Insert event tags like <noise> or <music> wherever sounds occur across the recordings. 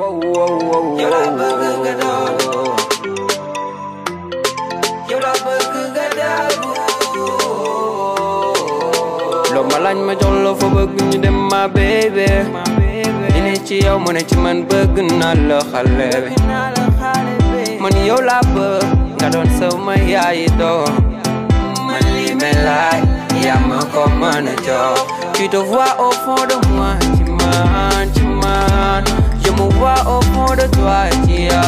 Whoa, whoa, whoa, whoa. loo ma laaj ma jox la fa bëgg ñu dem ma bébé li ne ci yow mu ne ci man bëgg naa la xale bi man yow laa bëgg nga doon sama yaay doom man li mel laay yaa ma ko mën a jox tu te vois au fond de wa opmodo twa tia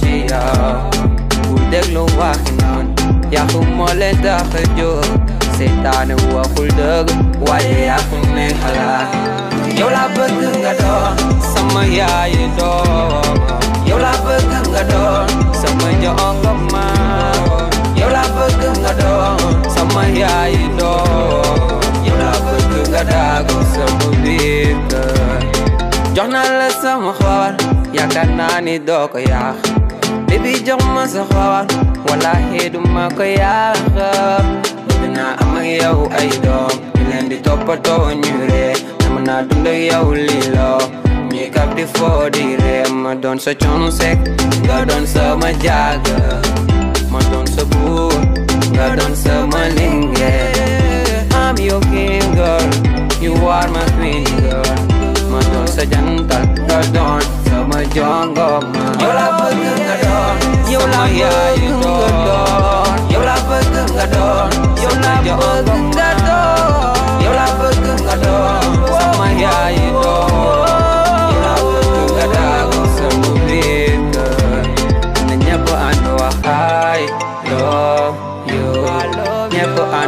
chia Kudeg lo wa hinan Ya kumole da khajo Setan wa kuldeg Wa ye ya kunne hala Yo la bekenga do Sama ya ye do Yo la bekenga do Sama jo ongoma Yo la bekenga do Sama ya ye do Yo la bekenga da Sama bika jox naa la sama xawal yaakaar naa ni doo ko yaax baby jox ma sa xawal wallaahi du ma ko yaax dinaa am ak yow ay doom di leen di toppatoo ñu ree dama naa dund ak yow lii loo ñuy kap di foo di ree ma doon sa coon sek nga doon sama jaaga ma doon sa buur nga doon sama lingeer I'm your king girl you are my queen girl sa dyan tagadon Sa may dyan goma Yola pag ng gadon Yola pag ng gadon Yola pag ng gadon Yola pag ng gadon Yola pag ng gadon Sa may dyan Yola pag ng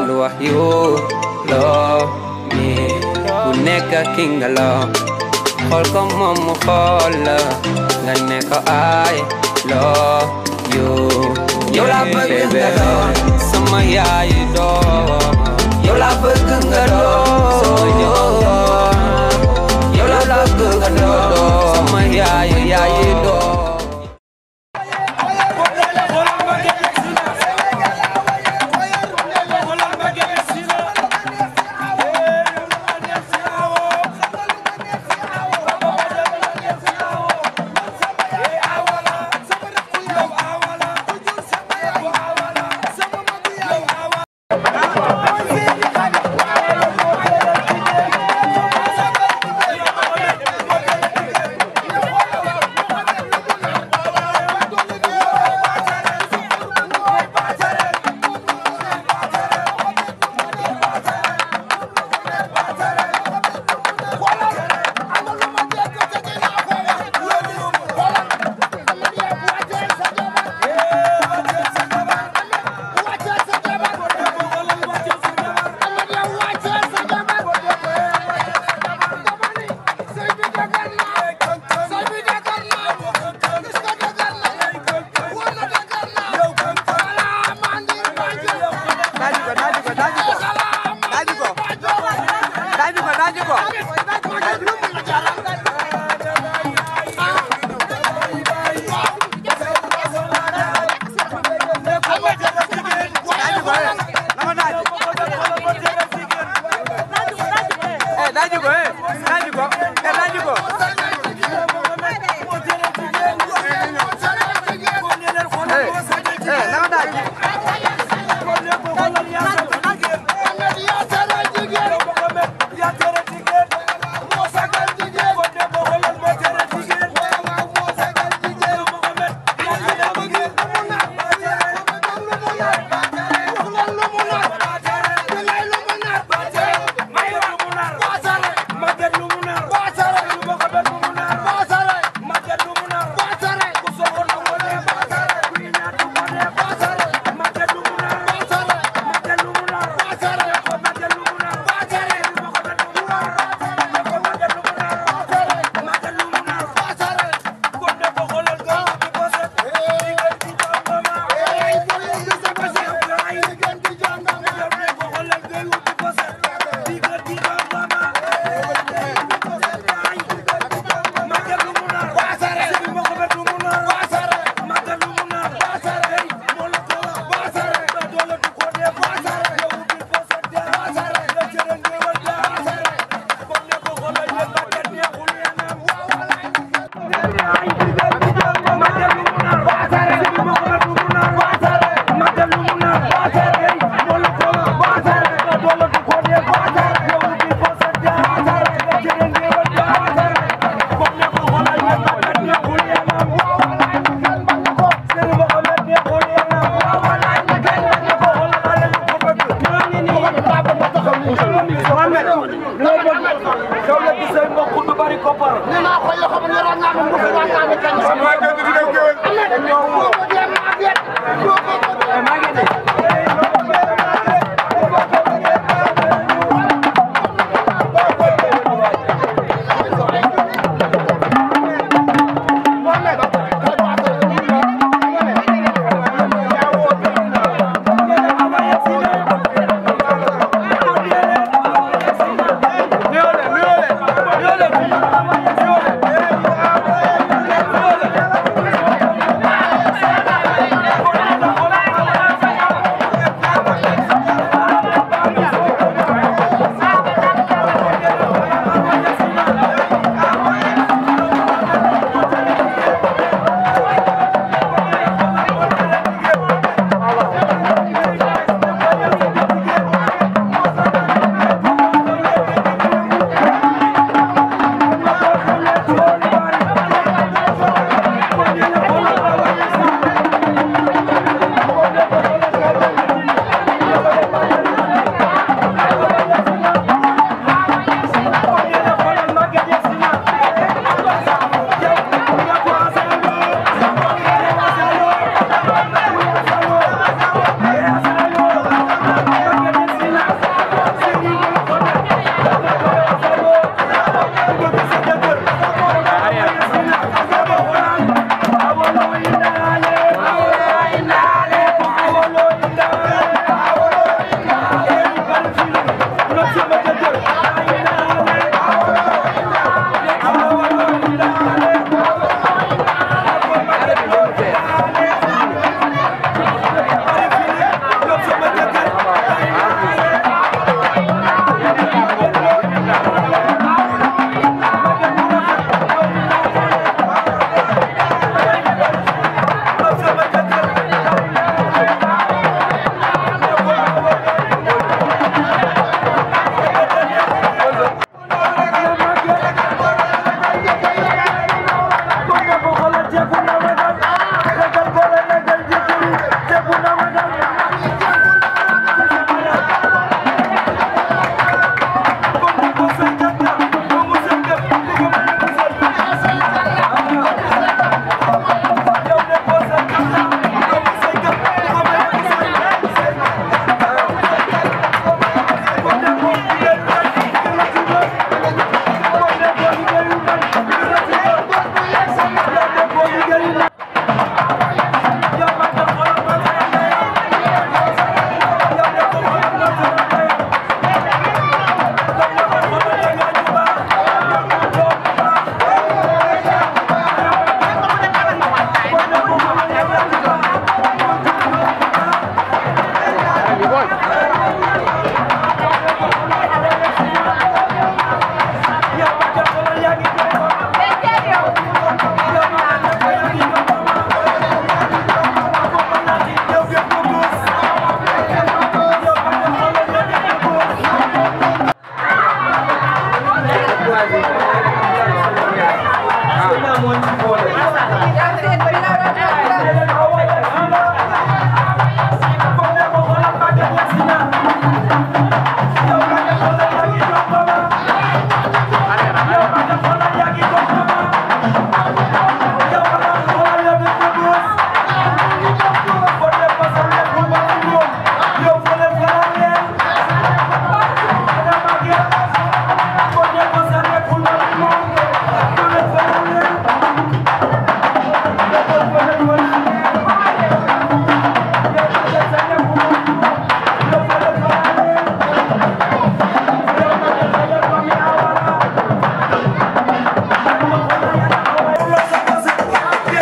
Love you you Love me Uneka king alone Holkom mom mo folla Nga ne ko I love you Yow la bëgg nga doon sama yaay doom Yow la bëgg nga doon sama yaay doom la bëgg nga doon sama yaay doom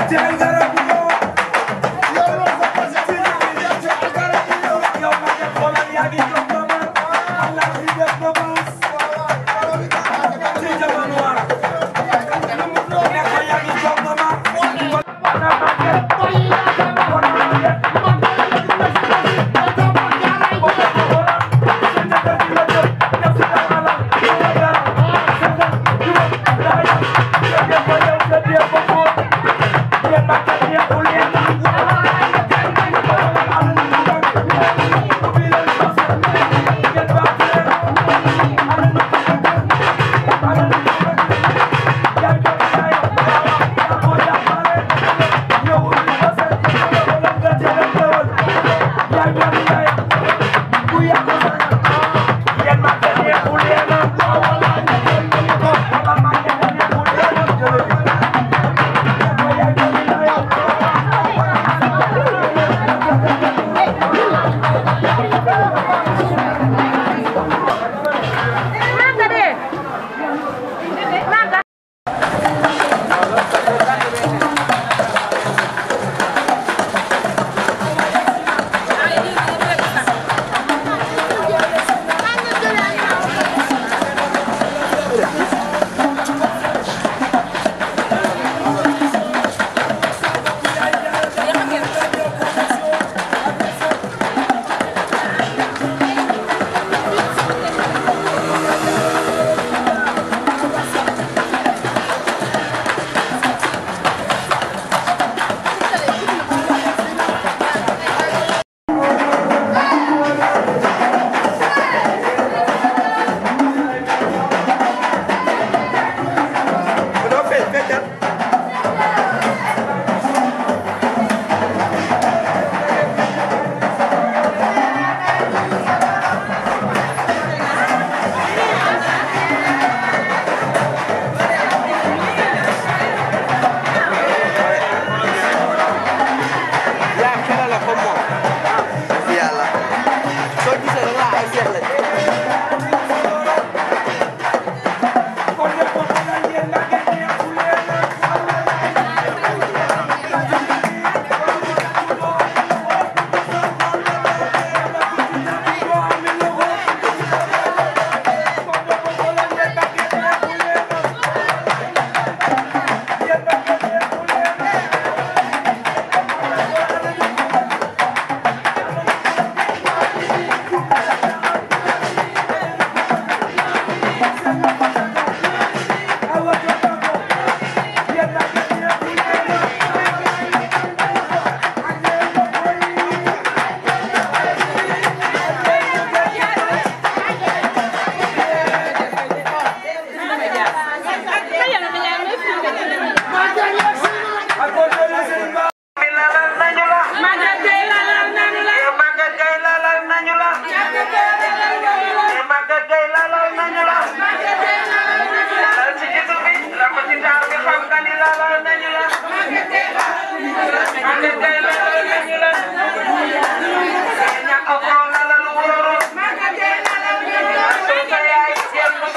站起来！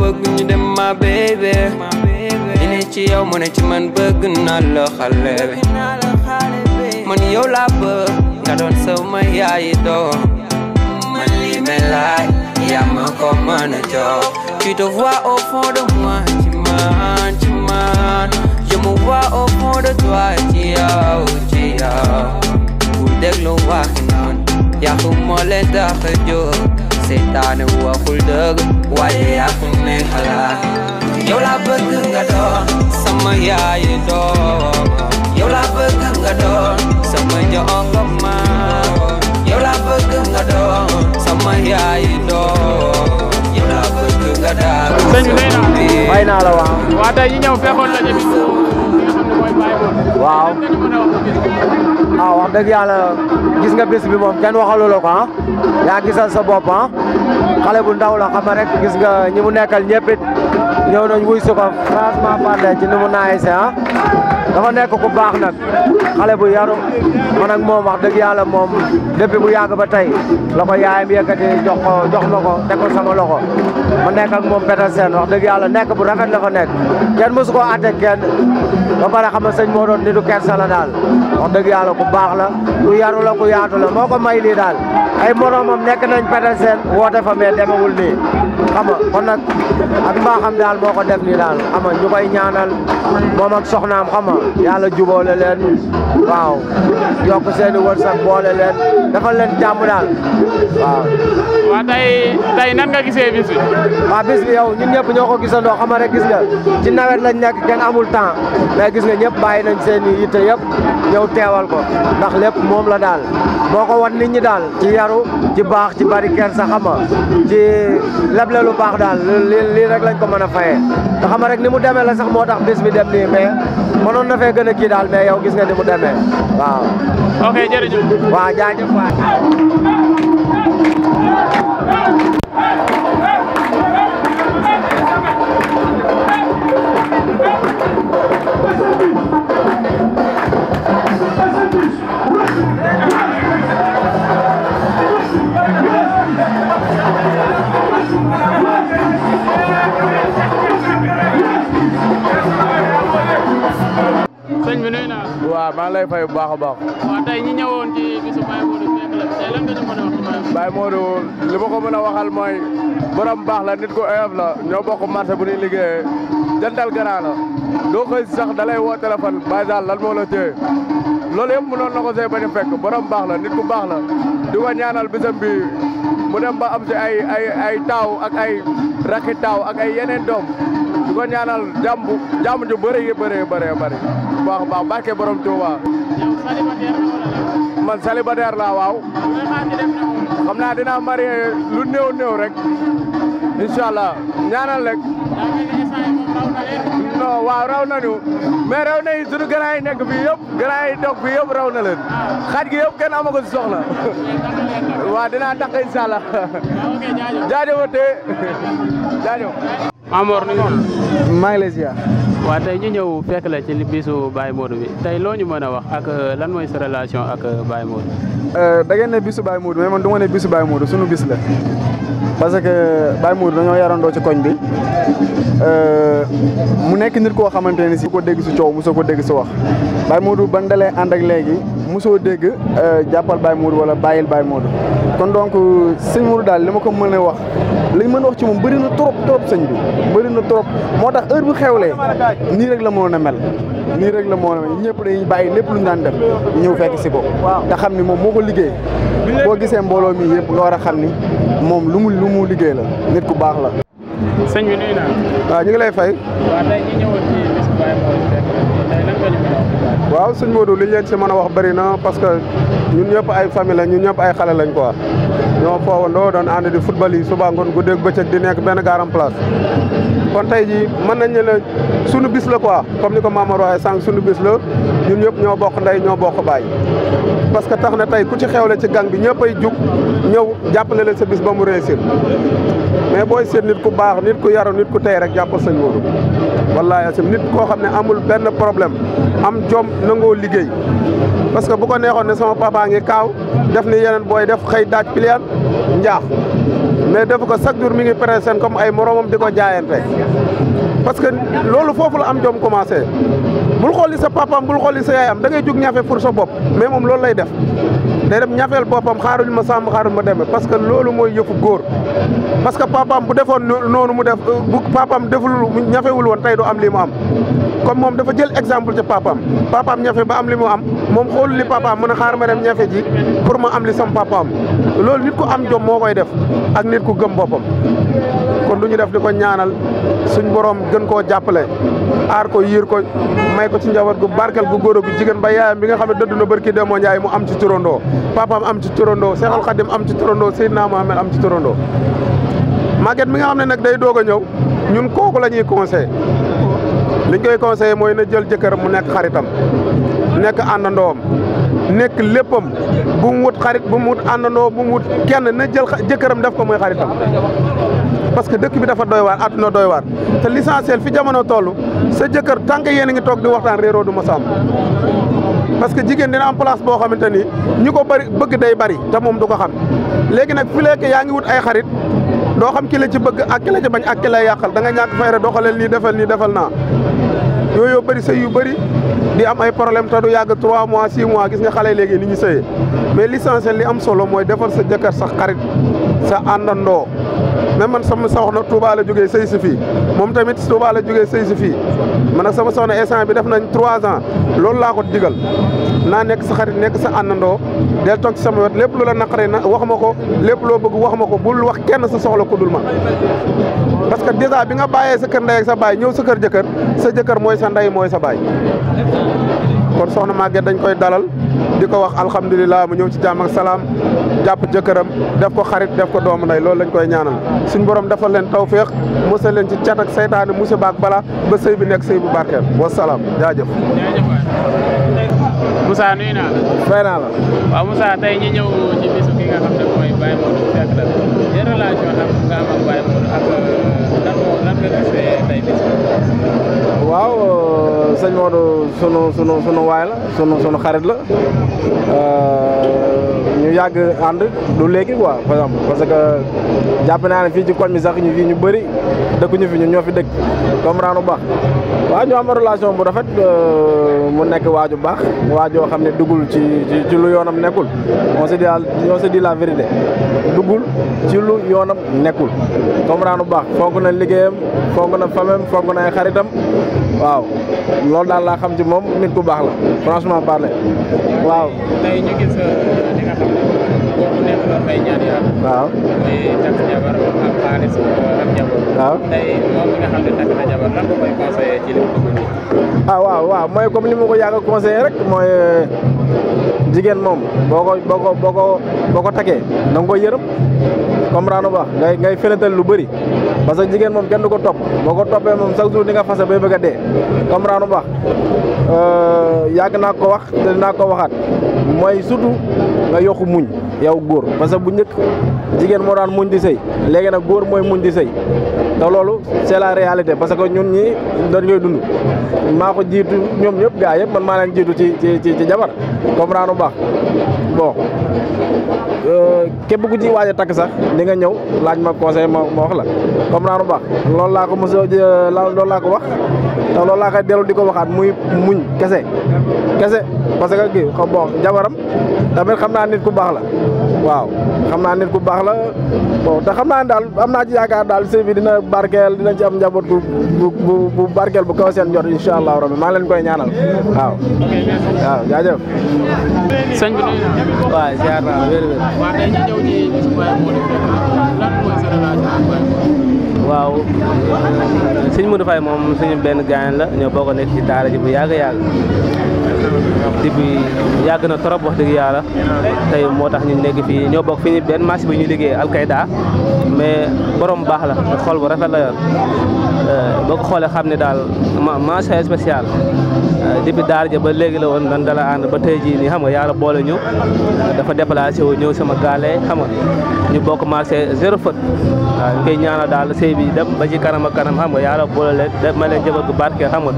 bëgg ñu dem ma bébé ñu ne ci yow ma ne ci man bëgg naa la xale bi man yow laa bëgg nga doon sama yaayi doom man li mel laay yaa ma ko mën a jox tu te vois au fond de moi ci man ci man je me vois au fond de toi ci yow ci yow bu déglu waxi noonu ياكم ولا تاخجوك سيطان هو كل دق واي ياكم من حلا يولا بدن غدور سما يا يدور يولا بدن غدور سما يا أنغما يولا بدن غدور سما يا يدور sëñ naa. la waaw. waaw tey ñi fekkoon la ñu waaw wax dëgg yàlla gis nga bis bi moom kenn waxalu la ko ah. yaa gisal sa bopp ah. xale bu ndaw la xam gis nga ñi mu nekkal ñëpp it ñëw wuy su ko franchement parler ci ni mu naay see ah. dafa nekk ku baax nag xale bu yaru man ak moom wax dëgg yàlla moom depuis bu yàgg ba tey la ko yaayam yëkkati jox ko jox ma ko teg sama loxo ma nekk ak moom Petersen wax dëgg yàlla nekk bu rafet la fa nekk kenn mosu koo àtte kenn ba pare xam nga sëñ moo doon nitu kersa la daal wax dëgg yàlla ku baax la ku yaru la ku yaatu la moo ko may lii daal ay moroomam nekk nañ Petersen woote fa mais demewul nii xam nga kon nag ak mbaaxam daal moo ko def ni daal xam nga ñu koy ñaanal moom ak soxnaam xam nga yàlla jubóole leen waaw yokk seen i wërsëg boole leen defal leen jàmm daal waaw. waaw tey tey nan nga gisee bis bi. waaw bis bi yow ñun ñëpp ñoo ko gisandoo xam nga rek gis nga ci nawet lañ nekk kenn amul temps mais gis nga ñëpp bàyyi nañ seen i yitte teewal ko ndax lépp moom la daal boo ko wan nit ñi daal ci yaru ci baax ci bari kersa xama ci leble lu baax daal li lii rek lañ ko mën a fayee te xama rek ni mu demee la sax moo tax bis bi dem nii mais mënoon na fee gën a kii daal mais yow gis nga ni mu demee waaw ok jërëjëf waaw jaajëf waaw maa ngi lay fay bu baax baax. waaw tey ñi ñëwoon ci bisu Baye Modou fekk la tey lan nga ñu mën wax. Baye Modou li ko mën waxal mooy borom baax la nit ku oyof la ñoo bokk marché bu ñuy liggéeyee jëndal garaan la koy sax téléphone lan la fekk borom baax la nit ku baax la ñaanal bisam bi mu dem ba am si ay ay ay taaw ak ay rakki ak ay yeneen doom di ko ñaanal ju bu baax a baax barke borom Touba. yow célibataire la man waaw. xam naa dinaa marié lu néew néew rek. incha allah ñaanal rek. non waaw raw nañu mais raw nañu sunu ganaar nekk fii yëpp ganaar yi raw na leen ah. xaaj gi yëpp kenn amago <laughs> dinaa takk incha allah ah, jaajëf te Amor maa ngi lay ziar. waaw tey ñu ñëw fekk la ci bisu Baye Modou bi tey loo ñu mën a wax ak euh, lan mooy sa relation ak euh, Baye Modou. Euh, da ngeen ne bisu Baye Modou mais man du ma ne bisu Baye Modou sunu bis la. parce que Baye Mour dañoo yarandoo ci koñ bi euh, mu nekk nit koo xamante ne si ko dégg si coow mosoo ko dégg si wax Baye Mour ban dalee ànd ak léegi mosoo dégg euh, jàppal Baye Mour wala bàyyil Baye Mour kon donc sëñ Mour daal li ma ko mën wax li mën a wax ci moom bëri na trop trop sëñ bi bëri na trop moo tax heure bu xew xewlee nii rek la mënoon a mel. nii rek la moo ñëpp dañuy bàyyi lépp lu ñu daan def ñëw fekk si ko te xam ni moo ko liggéey gisee mbooloo mi yëpp nga war a xam ni moom lu lu mu liggéey la nit ku baax la waaw ñu ngi lay fay waaw sëñ Modou li ñu leen si mën a wax bëri na parce que ñun ñëpp ay famille la ñun ñëpp ay xale lañ quoi ñoo foowandoo doon ànd di football yi suba ngoon guddeeg bëccëg di nekk benn garam place kon tey jii mën nañ ne la sunu bis la quoi comme ni ko Mamadou waxee sànq sunu bis la ñun ñëpp ñoo bokk ndey ñoo bokk baay. parce que tax na tey ku ci xewle ci gang bi ñëpp ay jug ñëw jàpp leen sa bis ba mu réussir mais booy seet nit ku baax nit ku yaru nit ku tey rek jàppal sëñ Modou wallaay asim nit koo xam ne amul benn problème am jom nangoo liggéey parce que bu ko neexoon ne sama papa ngi kaaw def ni yeneen booy def xëy daaj njaax mais defu ko chaque jour mi ngi pere seen comme ay moromam di ko jaayante parce que loolu foofu la am jom commencé bul xool sa papaam bul xool li sa yaayam da ngay jug ñafe pour sa bopp mais moom loolu lay def day dem ñafeel boppam xaaruñ ma sàmm xaaruñ ma demee parce que loolu mooy yëfu góor parce que papaam bu defoon noonu mu def bu papaam deful ñafewul woon tey du am lii mu am comme moom dafa jël exemple ci papaam papaam ñafe ba am li mu am moom xoolu li papaam mën a xaar ma dem ñafe ji pour ma am li sam papaam loolu nit ku am jom moo koy def ak nit ku gëm boppam kon du ñu def di ko ñaanal suñ borom gën koo jàppale aar ko yiir ko may ko ci njaboot gu barkal gu góor gu jigéen ba yaayam bi nga xam ne dëdd na barki demoo Njaay mu am ci turandoo papaam am ci turandoo Seexal Xadim am ci naa Seydina Mohamed am ci turandoo màgget mi nga xam ne nag day doog a ñëw ñun kooku la ñuy conseillé liñ koy conseillé mooy na jël jëkkër mu nekk xaritam nekk àndandoom nekk léppam bu mu wut xarit bu mu wut àndandoo bu mu wut kenn na jël jëkkëram def ko mooy xaritam parce que dëkk bi dafa doy waar àdduna doy waar te l'essentiel fi jamono tollu sa jëkkër tant que yéen a ngi toog di waxtaan réeroo du ma sa parce que jigéen dina am place boo xamante ni ñi ko bari bëgg day bari te moom du ko xam léegi nag fi lekk yaa ngi wut ay xarit doo xam ki la ci bëgg ak la ci bañ ak ki lay nga ñàkk fayra doxaleel nii defal nii defal naa yooyu bëri sa yu bëri di am ay problème te du yàgg trois mois six mois gis nga xale léegi ni ñu sëyee mais l'essentiel li am solo mooy defar sa jëkkër sax xarit sa àndandoo même man sama soxna Touba la jógee sëy si fii moom tamit Touba la jógee sëy si fii man nag sama soxna instant bi def nañ trois ans loolu laa ko digal naa nekk sa xarit nekk sa àndandoo del toog sama wet lépp lu la naqaree na wax ma ko lépp loo bëgg wax ma ko bul wax kenn sa soxla ku dul ma parce que déjà bi nga bàyyee sa kër ndey sa baay ñëw sa kër jëkkër sa jëkkër mooy sa ndey mooy sa baay kon soxna Maguette dañ koy dalal diko wax alhamdullilah mu ñew ci jamm ak salam japp jëkëram def ko xarit def ko doom ndey loolu lañ koy ñaanal suñu borom defal leen tawféex musal leen ci cat ak saytaane musiba bak bala ba sey bi nek sey bu barkeel wasalaam jaajëf Moussa nuyu naa la. fay naa la. wa Musa tay ñi ñew ci bisu ki nga xam ne mooy Baye Modou fekk la yan relation nga am ak Baye mo ak waaw euh, sëñ Modou sunu sunu sunu waay la sunu sunu xarit la. Euh, ñu yàgg ànd lu léegi ko par exemple parce que jàpp naa ne fii ci koñ bi sax ñu fii ñu bëri dëkkuñu fi ñu ñoo fi dëkk comprendre bu baax waa ñu am bu rafet euh, mu nekk waaju baax waajoo xam ne duggul ci ci lu yoonam nekkul on se dit on se duggul ci lu yoonam nekkul comprendre bu baax fonk na liggéeyam fonk na famem fonk na xaritam waaw loolu daal laa xam ci moom nit ku baax la franchement parler waaw. waaw. ah waaw mooy comme li ma ko yàgg a rek mooy euh, jigéen moom boo ko boo ko boo ko boo ko takkee da nga koy yërëm comprendre baax ngay ngay fenetal lu bari parce que jigéen moom kenn du ko topp boo ko toppee moom chaque jour di nga fase bay bëgg a dee comprendre baax euh, yàgg naa ko wax te dinaa ko waxaat mooy surtout nga yokku muñ yow góor parce que bu njëkk jigéen moo daan muñ di sëy léegi nag góor mooy muñ di sëy te loolu c'est la réalité parce que ñun ñi dañ koy dund maa ko jiitu ñoom ñëpp gaa yëpp man maa leen jiitu ci ci ci ci jabar comprendre bu baax bon euh, képp ku ji waaj a takk sax di nga ñëw laaj ma conseil ma wax la comprendre bu baax lool laa ko mos a euh, loolu laa ko wax te loolu laa koy dellu di ko waxaat muy muñ kese kese parce que kii bon jabaram tamit xam naa nit ku baax la waaw xam naa nit ku baax la bon te xam naa ne daal am naa ci yaakaar daal sëy bi dina barkeel dina ci am njaboot bu bu bu barkeel bu kaw jot incha allah rabbi maa leen koy ñaanal waaw. waaw jaajëf. sëñ bi nuyu naa. waaw waaw sëñ Modou Faye moom suñu benn gaañ la ñoo bokk nekk ci daara ji bu yàgg yàgg depuis yàgg na trop wax dëgg yàlla tey moo tax ñu nekk fii ñoo bokk fi ñu benn marché bu ñu liggéey alkayda mais borom baax la xool bu rafet la yor euh, boo ko xoolee xam ne daal mention spéciale euh, depuis daara ja ba léegi la woon dan dala ànd ba tey jii nii xam nga yàlla boole ñu dafa déplacé wu ñëw sama gaale xam nga ñu bokk marché zéro faute waaw ñu koy daal sëy bi dem ba ci kanam ak kanam xam nga yàlla boole leen def ma barke xam nga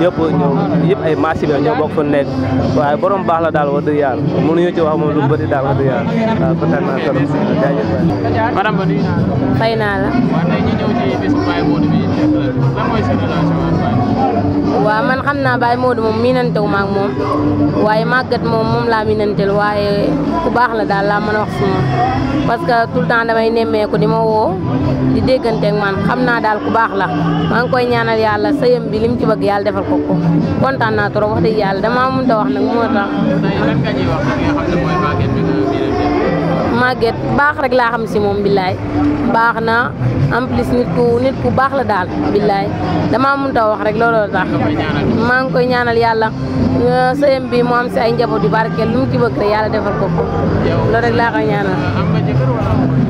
ñëpp ñoo yëpp ay marché bi ñoo bokk nekk waaye borom baax la daal wax dëgg yàlla mënuñu ci wax moom lu bëri daal wax dëgg yàlla waaw man xam naa Baye Modou moom miinante wu ak moom waaye màggat moom moom laa miinanteel waaye ku baax la daal laa mën a wax si parce que tout le temps nemmee ko di ma woo di déggante ak man xam naa daal ku baax la maa ngi koy ñaanal yàlla sëyam bi li mu ci bëgg yàlla defal ko ko kontaan naa trop wax dëgg yàlla damaa mënut a wax nag moo tax. màgget baax rek laa xam si moom billaay baax na en nit ku nit ku baax la daal billaay damaa mënta wax rek looloo tax maa ngi koy ñaanal yàlla euh, sëyam bi moo am si ay njaboot yu barkeel lu mu ci bëgg rek yàlla defal ko ko loolu rek laa ñaanal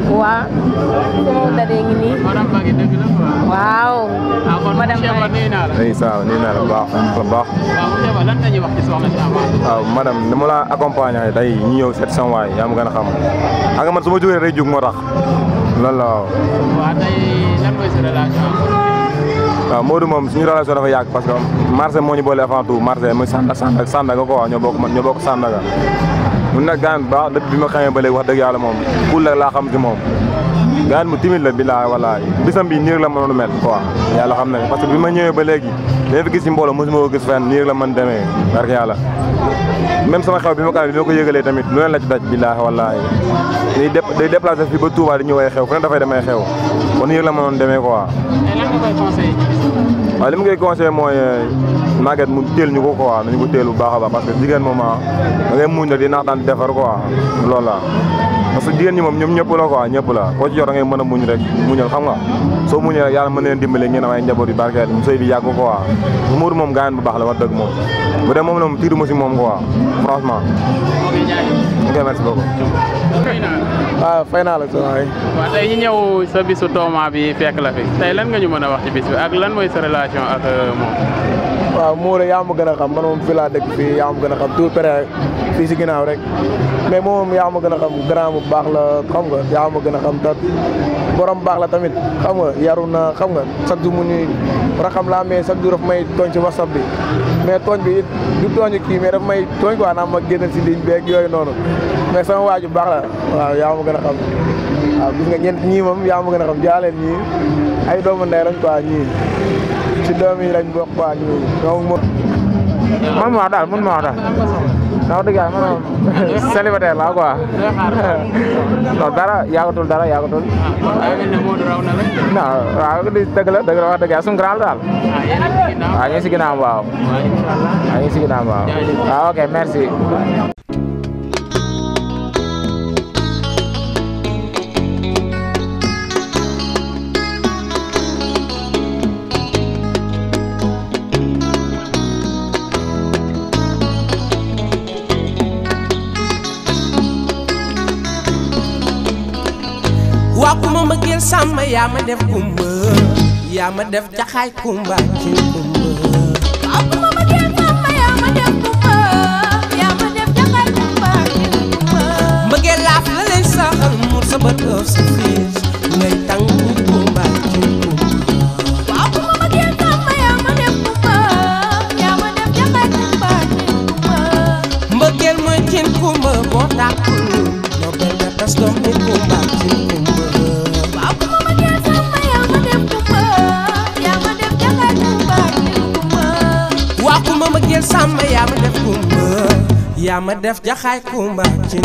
waaw sama wutaree ngi nii. madame Maguette dëgg la waaw. ah kon madame Maguette nii naa la. ndeysaan la baax waaw ah, monsieur ah, ni ma la accompagner day ñu ñëw seet sama waay yaa ma gën a xam xam ah, man su ma jógee rek jug tax loolu la waaw. waaw tey lan mooy sa relation. waaw Modou moom suñu relation dafa yàgg parce que marché moo ñu boole avant tout marché muy Sandaga Sandaga quoi ñoo bokk ñoo bokk Sandaga mun nag gaan bu baax lépp bi ma xamee ba léegi wax dëgg yàlla moom kuul la laa xam si moom gaan mu timide la bilaay walaay bisam bi niir la mënoon mel quoi yàlla xam na parce que bi ma ñëwee ba léegi léegi fi gis si mbooloo mosuma ko gis fenn niir la mën demee barke yàlla même sama xew bi ma ko amee bi ma ko yëgalee tamit lu leen la ci daj bilaay walaay day déplacé fii ba Touba di ñëw ay xew fu ne dafay dem ay xew kon niir la ma mënoon demee quoi waaye li mu koy conseillé mooy euh, màgget mu teel ñu ko quoi nañu ko teel bu baax a baax parce que jigéen moom ah da ngay muñ la nax naxtaan defar quoi loolu la parce que jigéen ñi moom ñoom ñëpp la quoi ñëpp la koo ci yor da ngay mën a muñ rek muñal xam nga soo muñee rek yàlla mën leen dimbale ngeen am ay njaboot yu barkeel sëy bi yàgg quoi muur moom gaayan bu baax la wax dëgg moom bu dee moom la moom tiiruma si moom quoi franchement ok merci beaucoup waaw ah, fay naa la sa waay waaw tey ñu ñëw sa bisu Tooma bi fekk la fi tey lan nga ñu mën a wax ci bis bi ak lan mooy sa relation ak euh, moom waaw Mouré yaa gën a xam man moom fii laa dëkk fii yaa gën a xam tout près fii si ginnaaw rek mais moom yaa ma gën a xam grand bu baax la xam nga yaa ma gën a xam te baax la tamit xam nga yaru na xam nga chaque jour mu ñuy raxam laa mais chaque jour daf may tooñ si whatsapp bi mais tooñ bi it du tooñ kii mais daf may tooñ quoi naa ma génn si ligne beeg yooyu noonu mais sama waaju baax la waaw yaa gën a xam waaw gis nga ñeent ñii moom yaa ma gën a xam jaaleen ñii ay doomu ndey lañ quoi ñii si doom yi lañ bokk waa ñu ñoom. man maa daal man maa daal ndax dëgg yàlla man célibataire laa quoi <laughs> non dara yàggatul dara yàggatul. non waaw dëgg la dëgg la wax dëgg yàlla daal. waaw ñu ngi si ginnaaw waaw. waaw ñu ngi si ginnaaw waaw. waaw ah, ok merci. sama mbëggeel sàmm yaa ma def kumba yaa ma def jaxaay kumba ci kumba But love, love, love, love, love, yaa ma def jaxaay kumba ci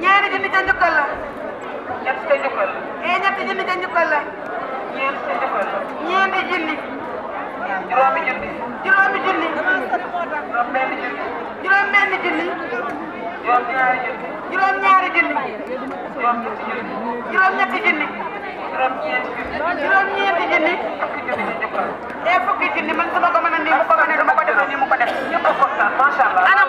ñaari jëmi te njukkal la. ñett te njukkal la. eh ñetti jëmi te njukkal la. ñeent te njukkal la. ñeenti junni. juróomi junni. juróomi junni. juróom benn junni. juróom benn junni. juróom ñaari junni. juróom ñaari junni. juróom ñetti junni. juróom ñetti junni. juróom-ñeenti junni juróom-ñeenti a nii mu ko mën a du ma ko defee nii mu ko def ñëpp a kontaan macha allah ana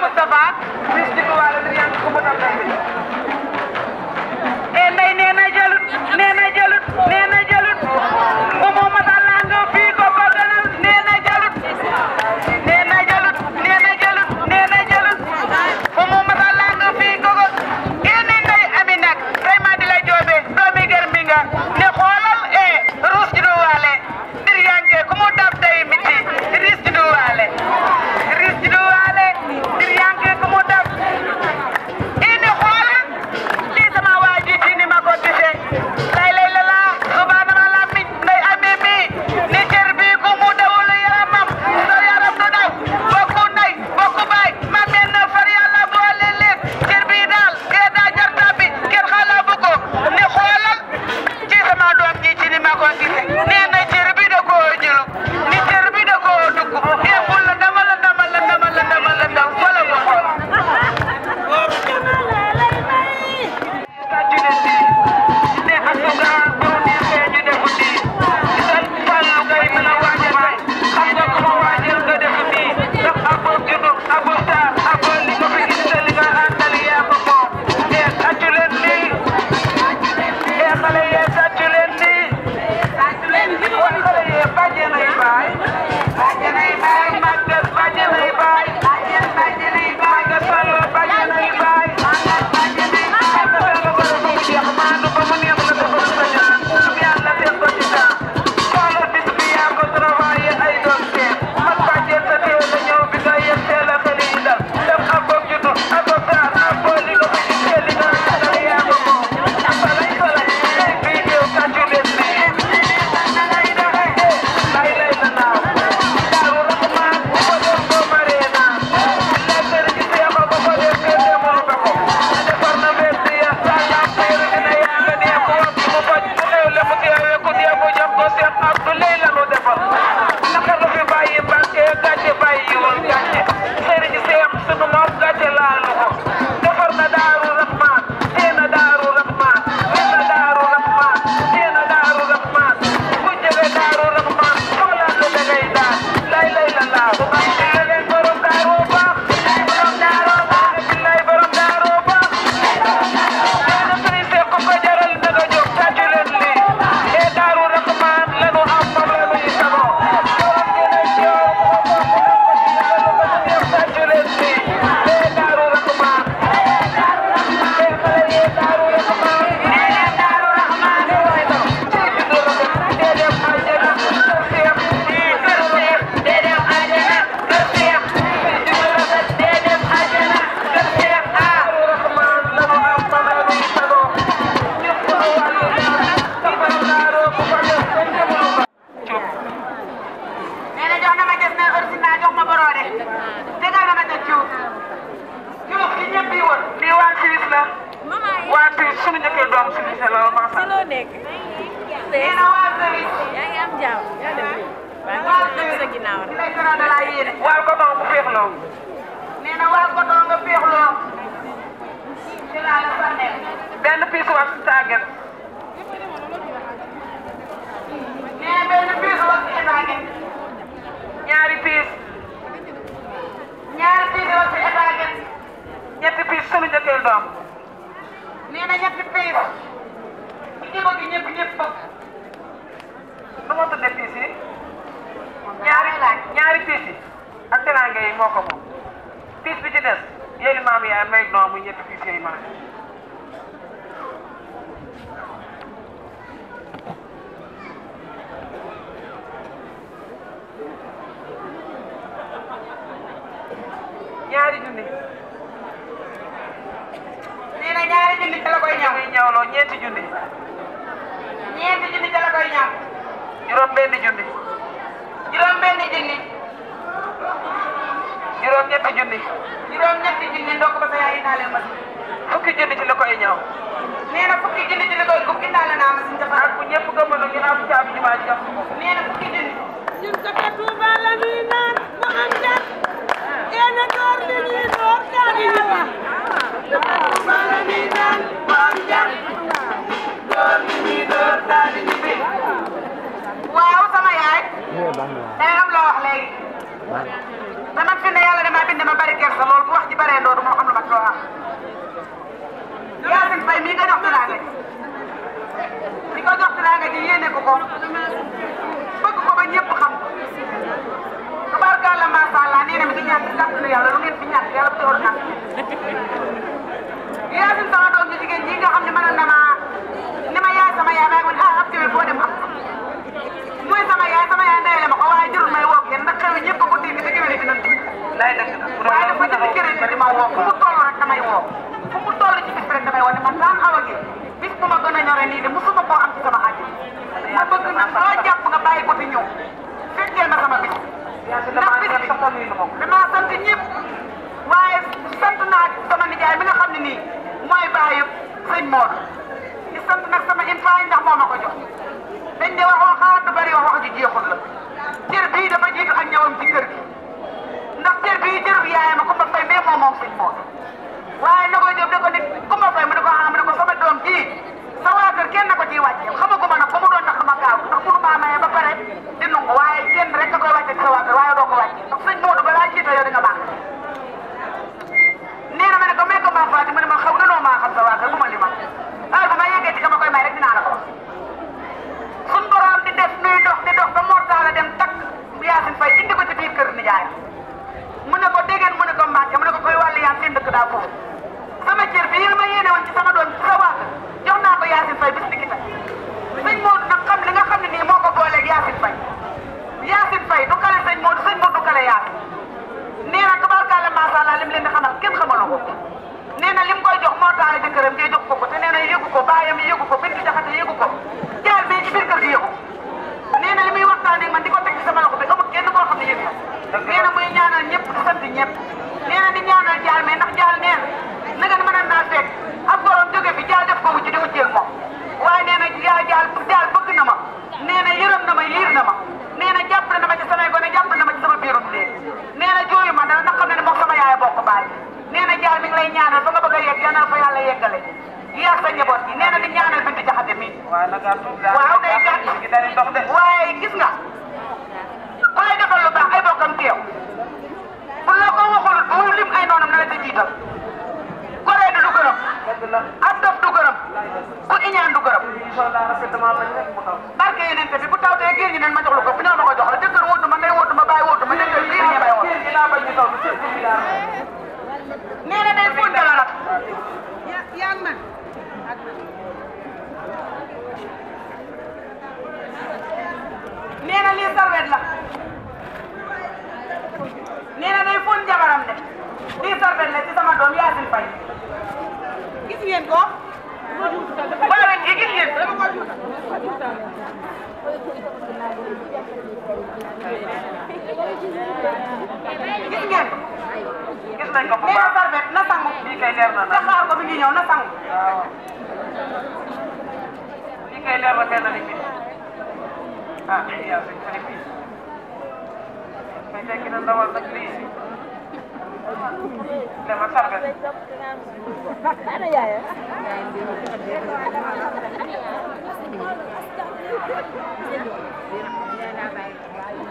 gis ngeen. gis nañ ko bu baax barbet na sangu. lii kay leer na nag xaar ko bi ngi ñëw na ah yow sëñ Fane fii. mais ki doon dawal nag lii. dama sarbet.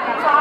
t h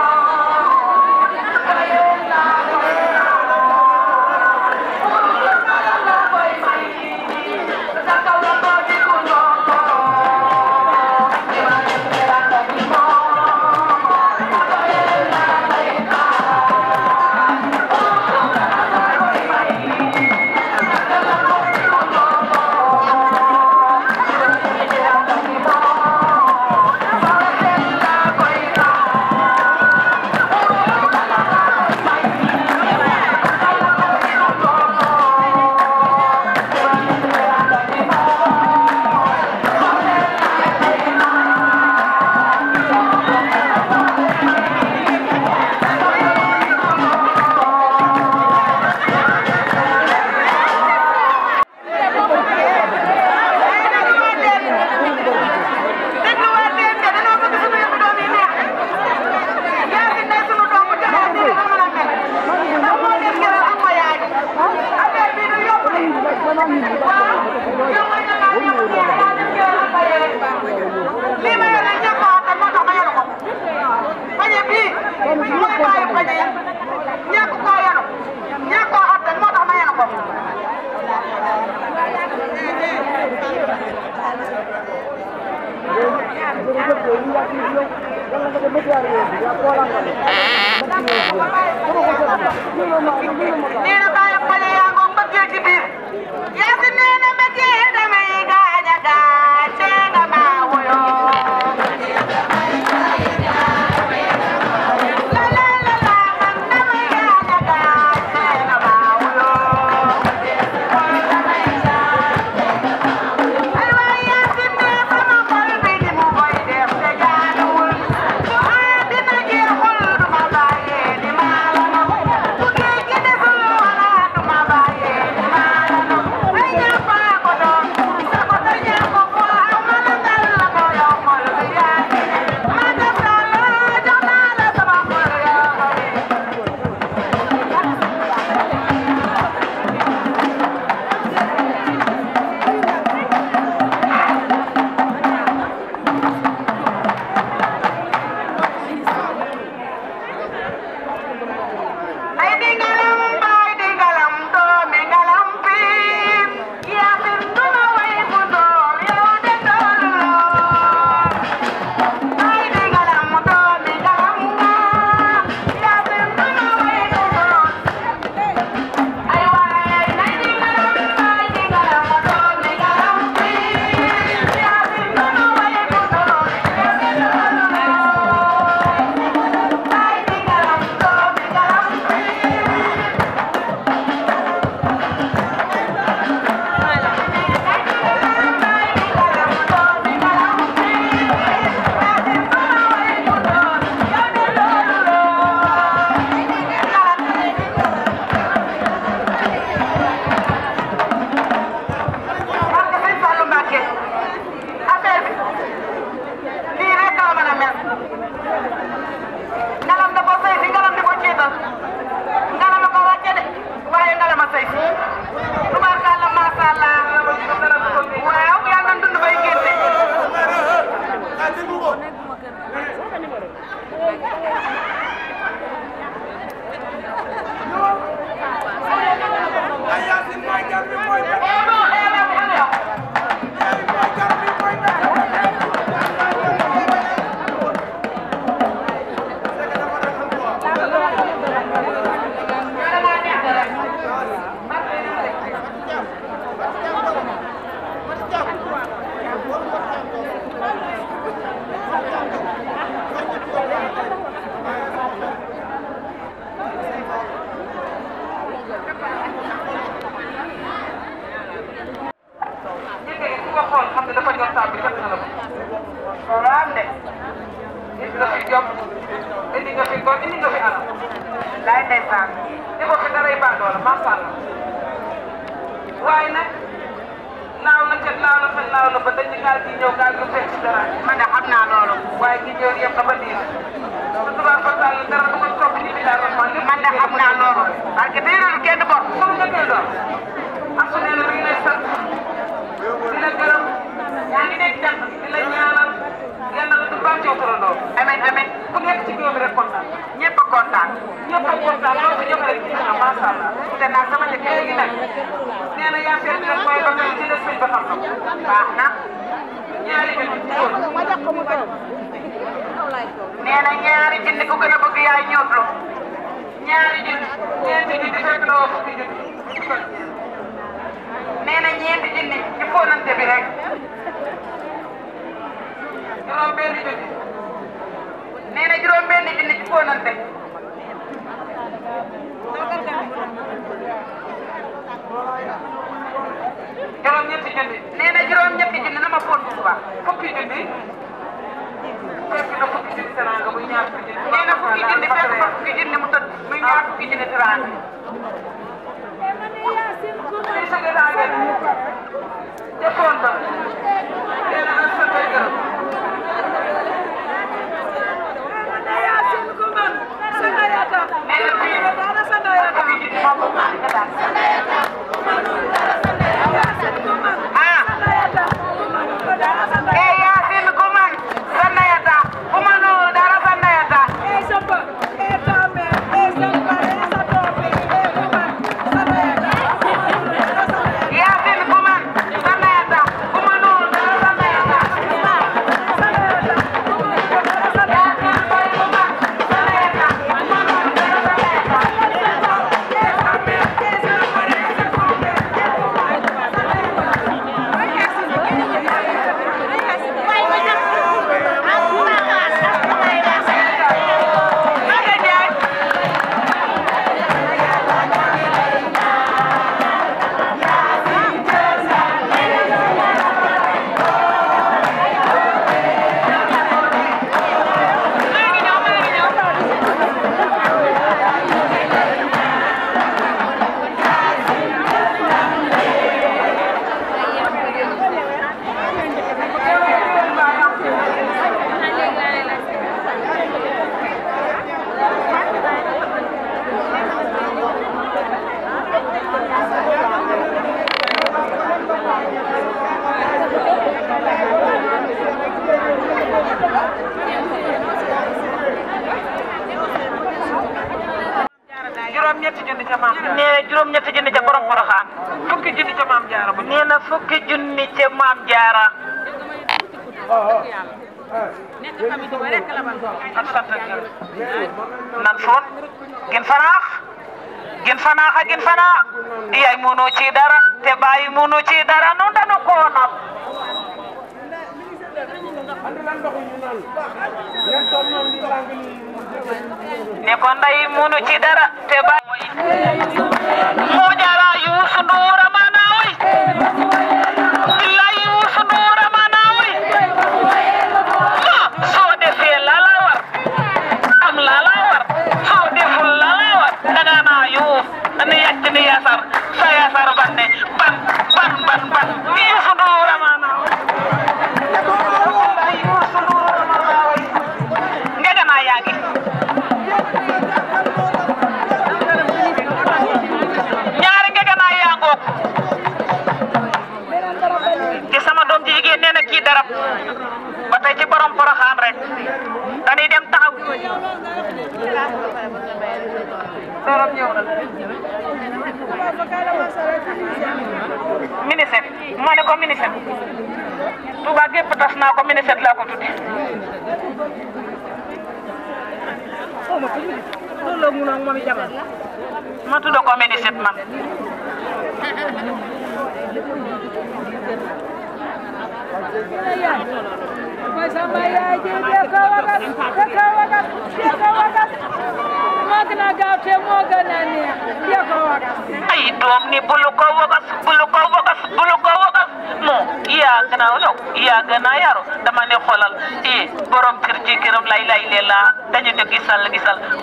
Sana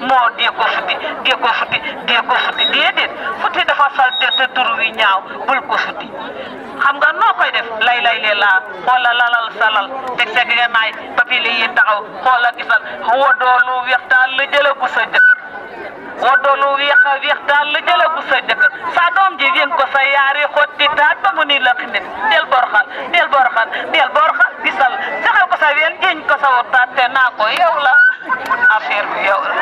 moo dee ko futti dee ko futti dee ko futti déedéet futti dafa salte te wi ñaaw bul ko futti xam nga noo koy def lay lay lee laa xoola lalal salal teg teg nga naay papili yi taxaw xoola gisal wodoo weex daal la jële bu sa jëkk wodoo lu a weex daal la jële bu sa jëkk saa doom ji yéen ko sa yaari xotti taat ba mu ni la xinit del borxal del borxal del borxal gisal saxal ko sa ween jéñ ko sa wotaat te naa ko yow la affaire bi yow la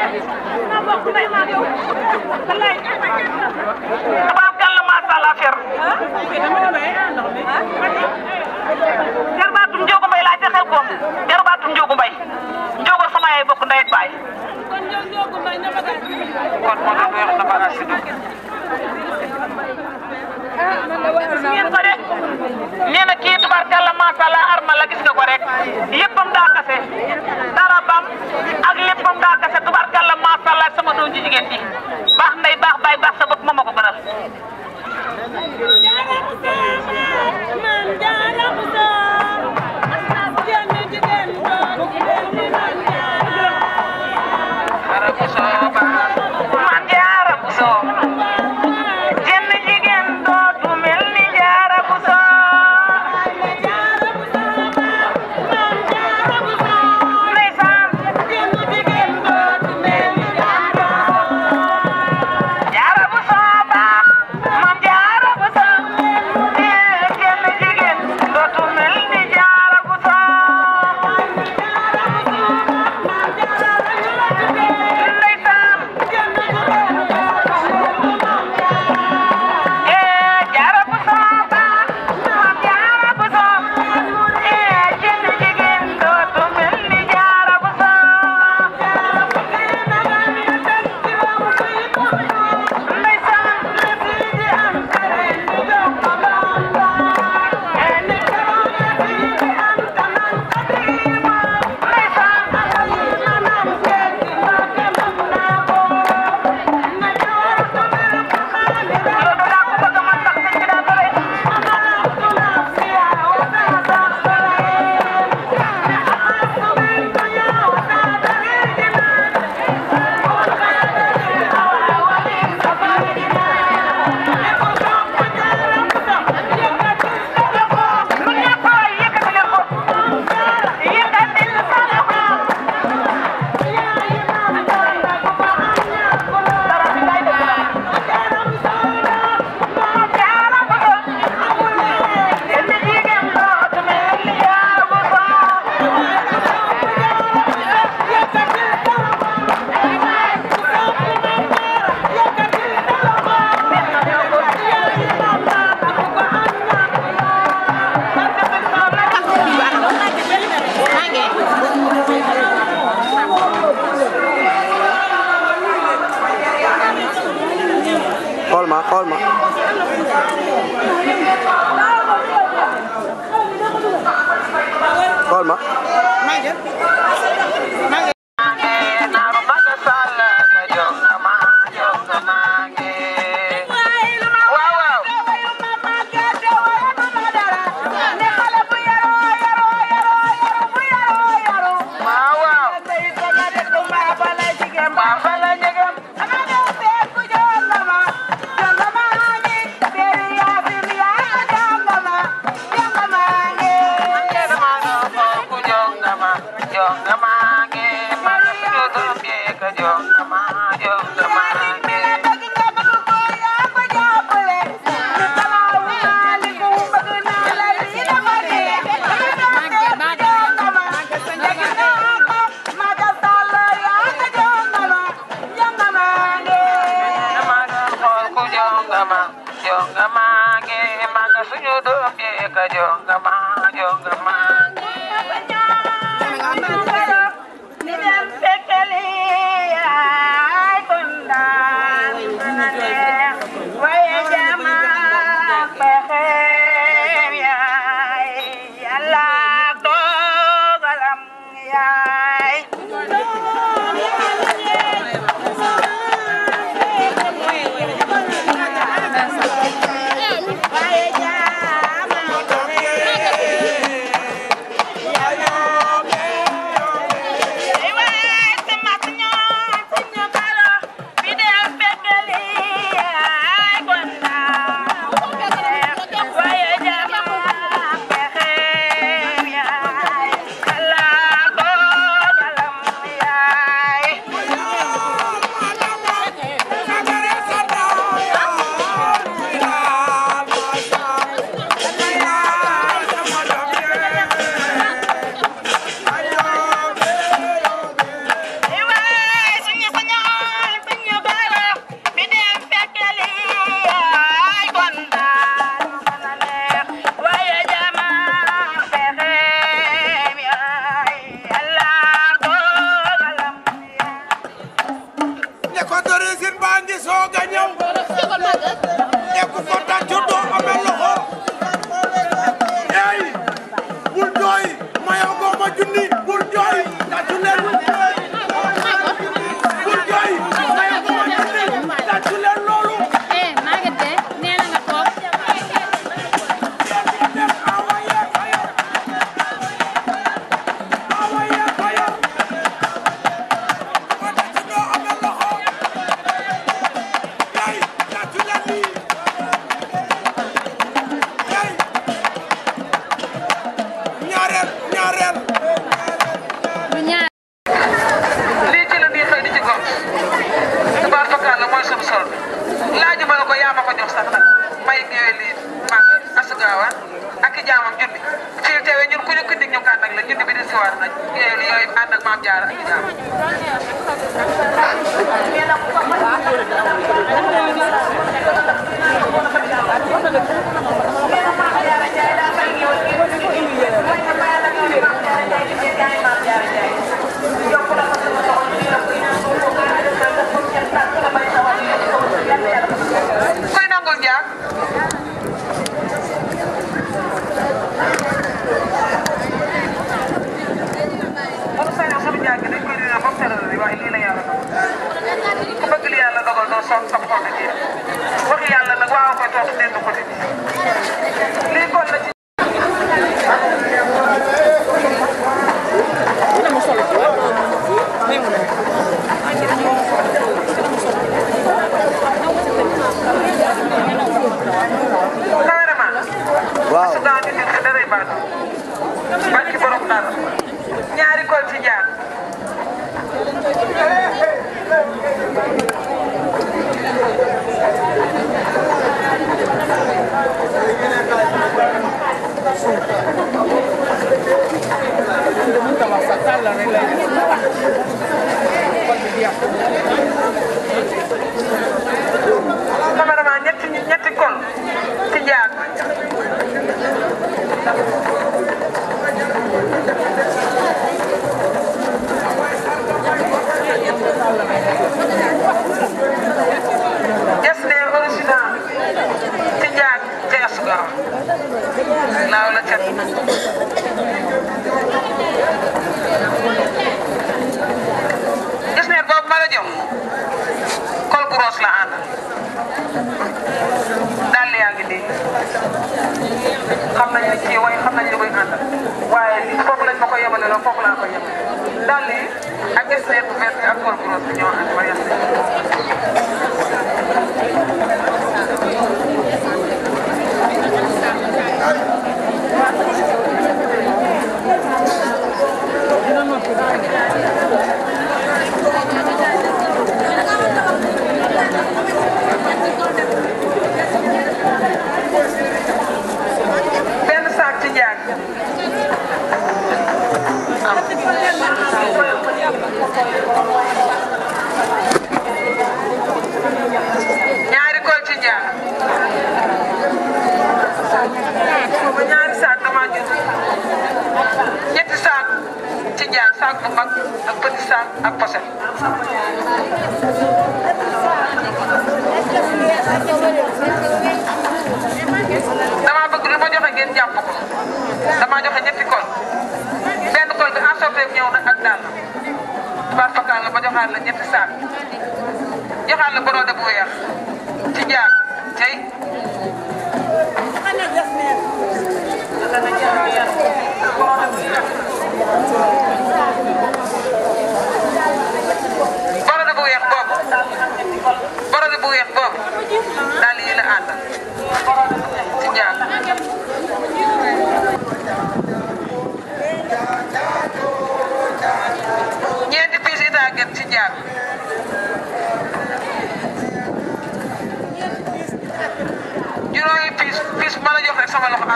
tabaab kàlla macha jarbaatum Ndiogu Mbaye laajte xel koom jarbaatum Ndiogu Mbaye Ndiogu sama yaay bokk ndey baay. kon moo tax wax na bagage na kii tubaab kàlla macha allah arma nga ko rek yëppam daa kase ak léppam daa macha allah sama doom ji jigéen ji baax nday baax baay sa bopp moo ma ko baral ma xool ma xool ma Yeah.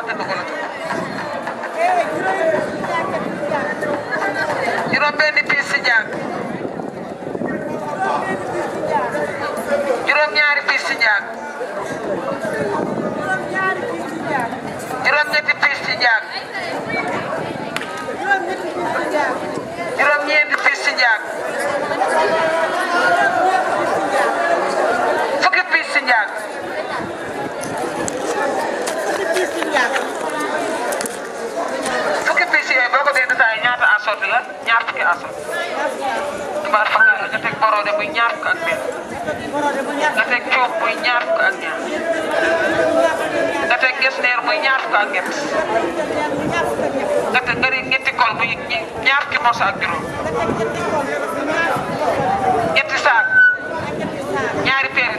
Πάτε το κολοτσό. Γύρω Μπένι πίσινια. πίστη μιάρη πίσινια. asa baat bakkan nga teg borode muy ñaar ko ak benn nga teg coob muy ñaar ko ak ñaar kol muy ñaar ci mosa ak juróom ñetti saak ñaari peeri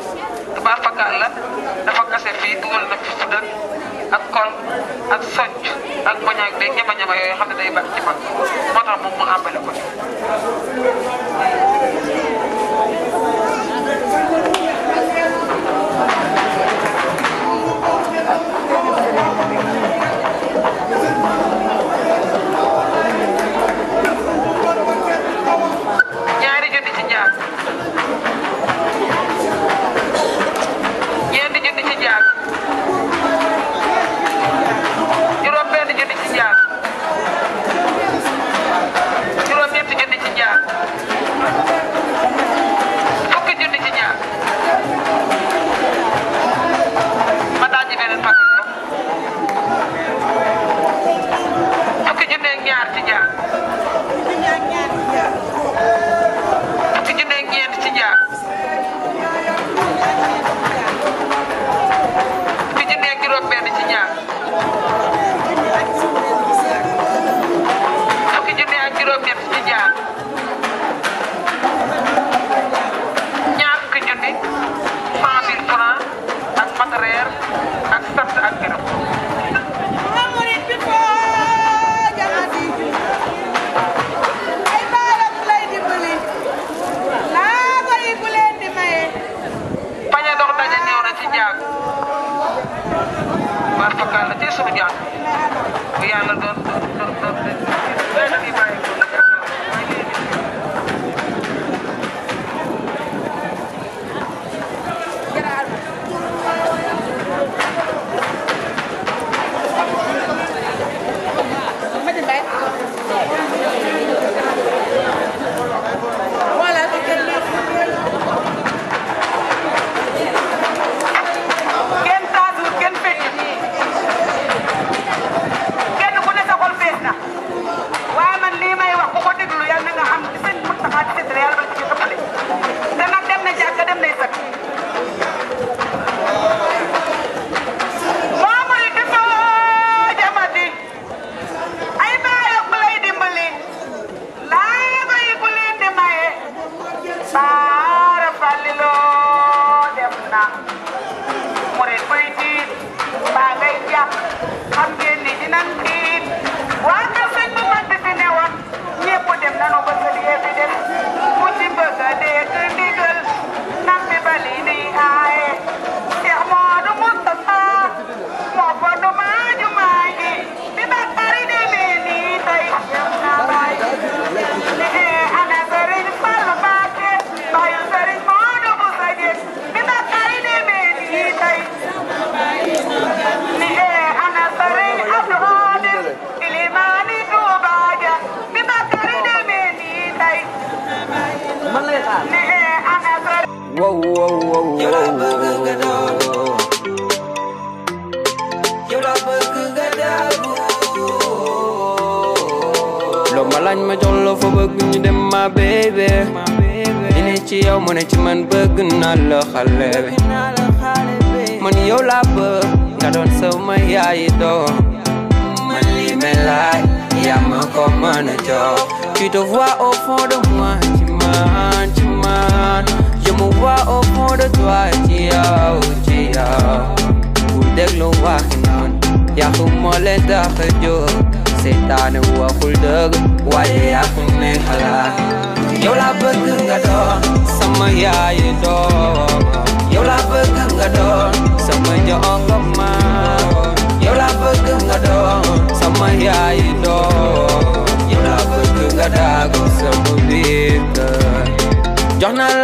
passé fii dugal na fi ak kol ak socc ak bañ ak day ñama ñama yooyu xam ne day baax ci man tax moom mu àmbale ko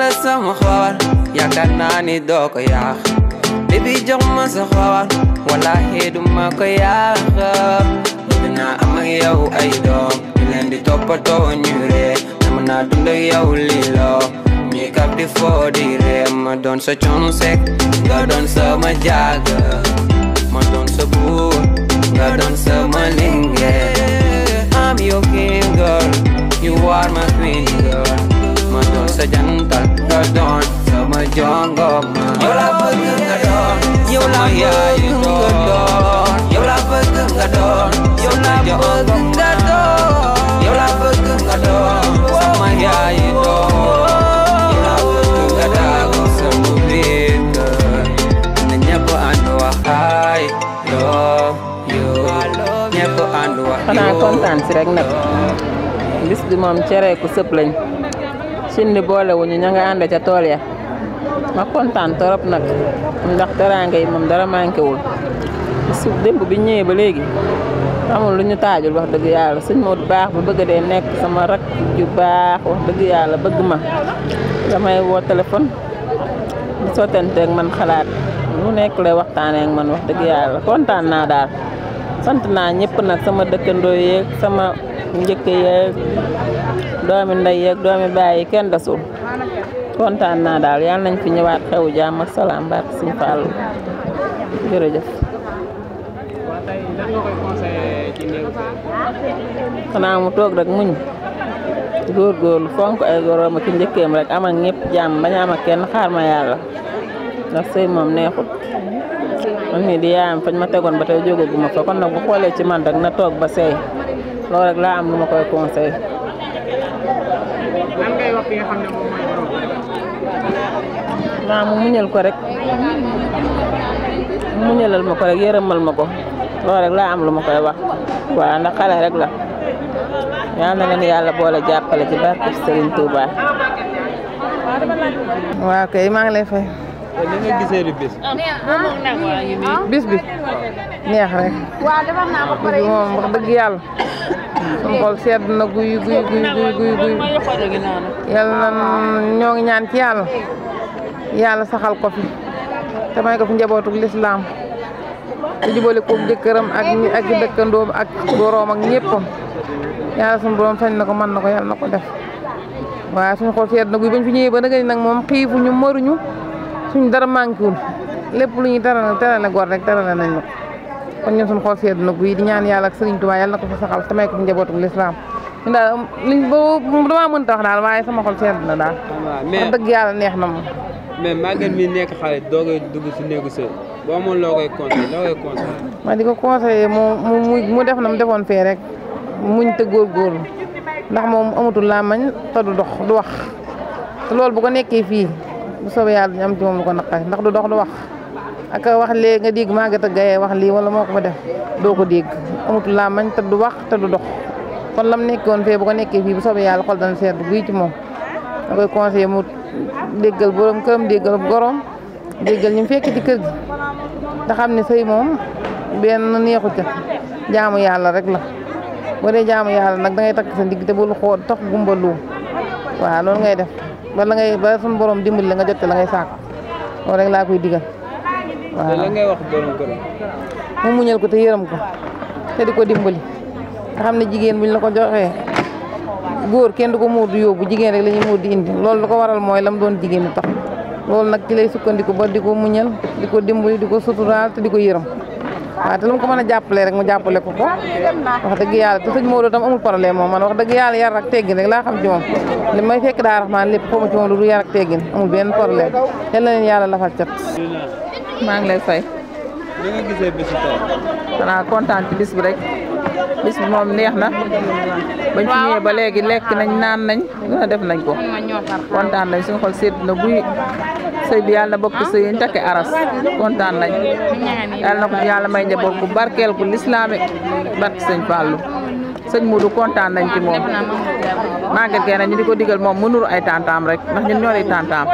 la sama xabaar yaakaar naa ni doo ko yaax sa xabaar wallaahi du ko yaax bëgg naa yow ay doom ñu di toppatoo ñu ree dama yow lii loo ñuy di foo di ree ma doon sa coonu sek nga doon sama jaaga ma doon sa buur nga doon sama lingeer I'm your king girl you are my queen girl Mano sa janta da don Sama jongo ma Yo la pegang ga don Yo la pegang ga don Yo la pegang ga don Yo la pegang ga don Yo la pegang ga don Sama ya i don xanaa kontaan si rek nag bis bi moom cere ku sëb lañ ni boole wuñu ña nga ànd ca tool ya ma kontaan torop nak ndax teraanga yi moom dara manké wul su demb bi ñëwee ba légui amul luñu tajul wax deug yalla señ mo baax bu bëgg dé nekk sama rak ju baax wax deug yalla bëgg ma damay wo téléphone di ak man xalaat lu nekk lay waxtaanee ak man wax deug yalla kontaan na daal sant na ñëpp nak sama dëkkandoo sama ñëkke yeek doomi ndey ak doomi baay yi kenn desul kontaan naa daal yal nañ fi ñëwaat xewu jàmm ak salaam barke Sëñ Fallu jërëjëf. xanaa mu toog rek muñ góorgóorlu fonk ay goroom ak njëkkeem rek am ak ñëpp jàmm bañ am ak kenn xaar ma yàlla ndax sëy moom neexut man mii di yaayam fañ ma tegoon ba tey jógaguma fa kon nag bu xoolee ci man rek na toog ba sey loolu rek laa am lu ma koy conseil fi nga mu muñal ko rek mu muñalal ma ko rek yërëmal ma ko loo rek laa am lu ma koy wax waaw ndax xale rek la yal na leen yàlla boole jàppale ci barke Serigne Touba. waaw kay maa ngi lay fay. li nga gisee li bis. bis neex rek. moom wax dëgg yàlla. suñu xol sedd na guy guy guy guy na ñoo ngi ñaan ci yàlla. yàlla saxal ko fi. te may ko fi njabootug lislaam. te jubale koog ak ñi ak dëkkandoom ak boroom ak ñëppam. yàlla suñu borom sañ na ko mën na ko yàlla na ko def. waaye suñu xol sedd na guy bañ fi ñëwee ba nag nag moom xiifuñu maruñu. suñ dara manquewul lépp lu ñuy terale na góor rek terale nañ ma kon ñun suñ xool seetlu na guy di ñaan yàlla ak Sëriñ Tuubaa yàlla na ko fi saxal te may ko fi njabootu ñu daal liñ ba damaa mënta daal waaye sama xol seetlu na daal. dëgg yàlla neex na mais màgget mi nekk xale doog a dugg si néegu sëy boo amoon loo koy conseillé ma di ko conseillé mu mu def na mu defoon fee rek muñ te góor ndax moom amatul laa mañ te du dox du wax te loolu bu ko nekkee fii. bu soobee yalla ñam am ci moom lu ko nakay ndax du dox du wax ak wax le nga ma Maguette Gaye wax li wala moko ko fa def do ko dig amut mañ ta du wax ta du dox kon lam nekkon fee bu ko nekké fi bu soobee yalla xol dana seetlu bu ci mom da koy conseillé mu déggal borom kërëm déggal borom déggal ñu fekk ci kër gi da xamni sey mom ben neexu ca jaamu yalla rek la bu dee jaamu yalla nak da ngay tak sa ndigg te lu xool tax gumbalu waaw lool ngay def ba la ngay ba suñu borom dimbali la nga jot la ngay saako loolu rek laa koy digal waaw. mu muñal ko te yërëm ko te di ko dimbali nga xam ne jigéen buñ la ko joxee góor kenn du ko muur di yóbbu jigéen rek la ñuy muur di indi loolu lu ko waral mooy lam doon jigéen ñi tax loolu nag ci lay sukkandiku ba di ko muñal di ko dimbali di ko suturaal te di ko yërëm. waaw te lu mu ko mën a jàppale rek mu jàppale ko ko wax dëgg yàlla te sëñ Modou tam amul problème moom man wax dëgg yàlla yar ak teggin rek laa xam ci moom li may fekk daa raxmaan lépp xaw ma ci moom du dul yar ak teggin amul benn problème yal na leen yàlla lafal cat maa ngi lay fay ni nga bi tey. xanaa kontaan ci bis bi rek bis bi moom neex na bañ fi ñëwee ba léegi lekk nañ naan nañ lu ne def nañ ko kontaan nañ suñu xol sedd na guy sëy bi yàlla na bokk sëy yi aras kontaan nañ yàlla na ko yàlla may njaboot bu barkeel bu lislaami barke sëñ Fallou sëñ Modou kontaan nañ ci mom màgget gee nag ñu diko diggal mom moom mënul ay tantam rek ndax ñun ñoo lay tantaam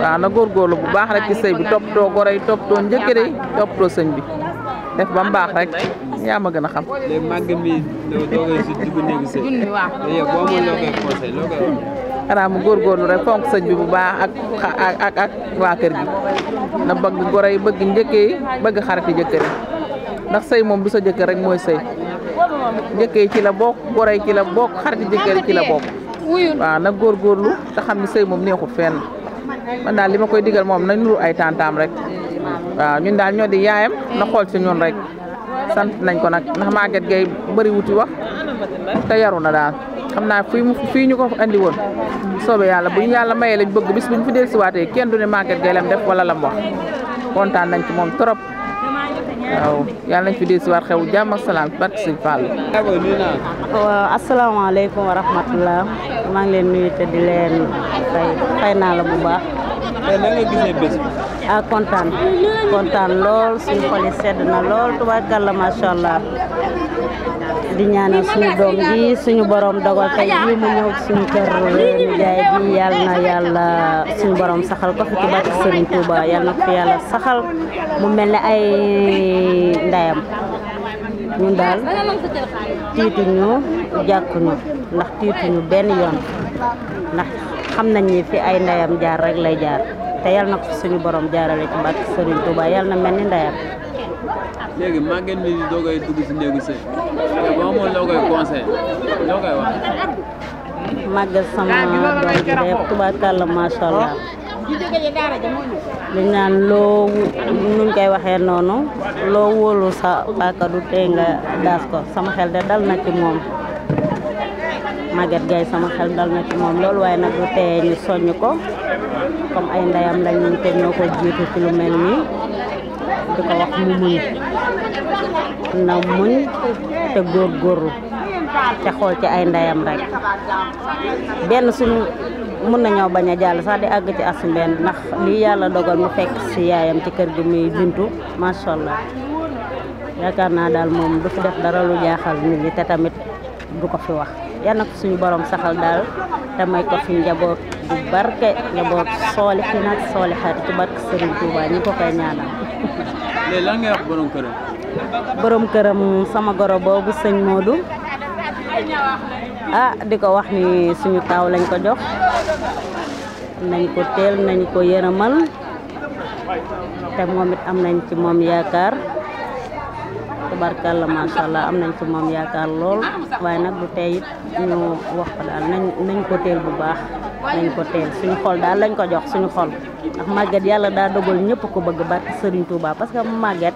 waaw gor góorgóorlu bu baax rek ci sey bi top toppatoo goro yi toppatoo njëkkër top do sëñ bi def ba mbax rek ya ma gën a xam. léegi màgg mi doogay si sey néegu wa yow bo mo lo koy conseil loo koy wax. xanaa mu góorgóorlu rek fonk sëñ bi bu baax ak ak ak wa kër gi na bëgg goro yi bëgg njëkkee bëgg xarit yi jëkkër ndax sey mom du sa jëkkër rek moy sey njëkkee ci la bokk gorey ci la bokk xariti jëkkër ci la bokk waaw na góorgóorlu te xam ni sëy moom neexut fenn man daal li ma koy digal moom na nuru ay tantaam rek waaw ñun daal ñoo di yaayam na xool si ñun rek sant nañ ko nag ndax Maguette Gueye bëri wuti wax te yaru na daal xam naa fii mu fii ñu ko andi woon soobe yàlla bu ñu yàlla mayee lañ bëgg bis bu ñu fi dellusiwaatee kenn du ne Maguette Gueye lam def wala lam wax kontaan nañ ci moom trop waaw yàlla nañ fi dee si waat xew jàmm a salaam barke Sëñ Fall. waaw asalaamaaleykum wa maa ngi leen nuyu di leen fay fay naa la bu baax. tey ah, kontaan kontaan lool suñu xol sedd na lool tubaarkàlla macha allah. di ñaanal suñu doom bi suñu borom dogal tey jii mu ñëw suñu kër yal na yàlla suñu borom saxal ko fi ci barke Serigne Touba yal na fi yàlla saxal mu mel ni ay ndayam ñun daal tiituñu jàkkuñu ndax tiituñu benn yoon ndax xam nañ ni fi ay ndayam jaar rek lay jaar te yal na fi suñu borom jaarale ci barke Serigne Touba yal na mel ni ndayam. léegi màggeen mi doo koy dugg si néegu sëy boo amoon loo sama doom bi rek tubaarkàlla macha allah li oh. naan loo nuñ koy waxee noonu loo wóolu sa paaka du tee nga daas ko sama xel de dal na ci moom Maguette Gaye sama xel dal na ci moom loolu waaye nag du tee ñu soññ ko comme ay ndeyam lañ ñu te ñoo ko jiitu ci lu mel nii di ko wax mu muñ na muñ te góorgóorlu te xool ci ay ndayam rek ben suñu mën nañu baña jall jàll sax nah, di ag ci asumbenn ndax li yalla dogal mu fekk ci yaayam ci kër bi muy bintu macha allah yaakaar dal mom du fi def dara lu jaaxal nit ñi te tamit du ko fi wax yàlla na ko suñu borom saxal dal te may ko fi njabo du barke njabo solihina fi ci barke Serigne Touba ñi ko koy ñaanal léegi lan wax borom borom sama goro boobu sëñ Modou ah di wax ni suñu taaw lañ ko jox nañ ko teel nañ ko am nañ ci moom yaakaar tubarkalla am nañ ci moom yaakaar lool waaye nag du tey ñu wax ko nañ nañ ko bu baax. nañ ko teel suñu xol daal lañ ko jox suñu xol ndax màgget yàlla daa dogal ñëpp ko bëgg barke Serigne Touba parce que màgget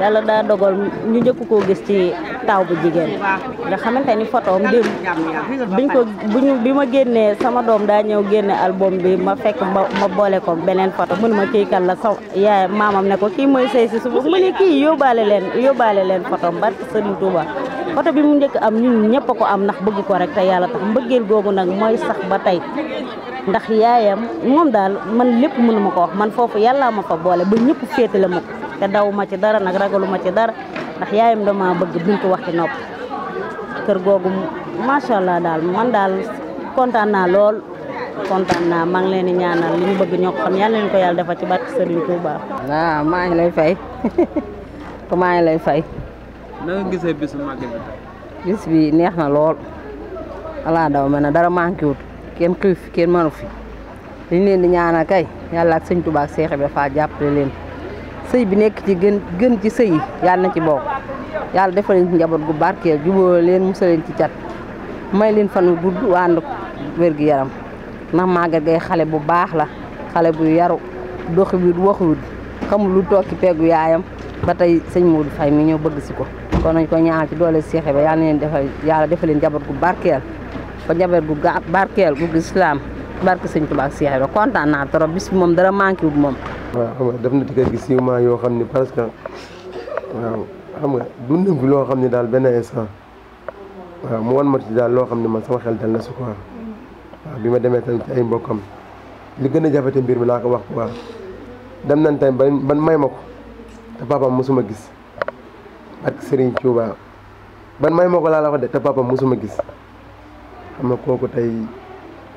yàlla daa dogal ñu njëkk koo gis ci taaw bu jigéen nga xamante ni photoom démb ko buñu bi ma génnee sama doom daa ñëw génne album bi ma fekk ma ma boole ko beneen photo mënu ma kii kan la sa yaay maamam ne ko kii mooy sëy si suba mu kii yóbbaale leen yóbbaale leen photoom barke Serigne Touba oto bi mu njëkk am ñun ñëpp ko am ndax bëgg ko rek te yàlla tax mbëggeel googu nag mooy sax ba tey ndax yaayam moom daal man lépp mënu ma ko wax man foofu yàllaa ma fa boole ba ñëpp féetale ma ko te daw ma ci dara nag ragalu ma ci dara ndax yaayam dama bëgg bintu wax ci nopp kër googu macha allah daal man daal kontaan naa lool kontaan naa maa ngi leen di ñaanal li ñu bëgg ñoo ko xam yal na ko yàlla defal ci barke Serigne Touba. waaw maa ngi lay fay <laughs> maa ngi lay fay. na nga gisee bisu màggal bi tey. bi neex na lool alaa daw mel na dara manqué wut kenn xiif kenn mënu fi liñ leen di ñaana kay yàlla ak sëñ Tuubaa ak Seex Ibra jàppale leen sëy bi nekk ci gën gën ci sëy yi yàlla na ci bokk yàlla defal leen njaboot gu barkeel jubóo leen musal leen ci cat may leen fan wu gudd wànd wér gi yaram na màggal gay xale bu baax la xale bu yaru doxi wut xamul lu toog ci peggu yaayam ba tey sëñ Modou Faye mi ñëw bëgg si ko kon nañ ko ñaanal ci doole seexe ba yàlla leen defal yàlla defal leen njaboot gu barkeel ba njaboot gu barkeel gu islaam barke sëñ Tuubaa ak seexe ba kontaan naa trop bis bi moom dara manqué wu moom. waaw xam nga def na ci kër gi six mois yoo xam ne parce que waaw xam nga dund nañ fi loo xam ne daal benn instant waaw mu wan ma ci daal loo xam ne man sama xel dal na su ko waaw bi ma demee tamit ci ay mbokkam li gën a jafete mbir mi laa ko wax quoi dem nañ tamit ban may ma ko te papaam mosuma gis. barke sëriñ Touba ban may moo ko laa la wax de te papa mosuma gis xam nga kooku tey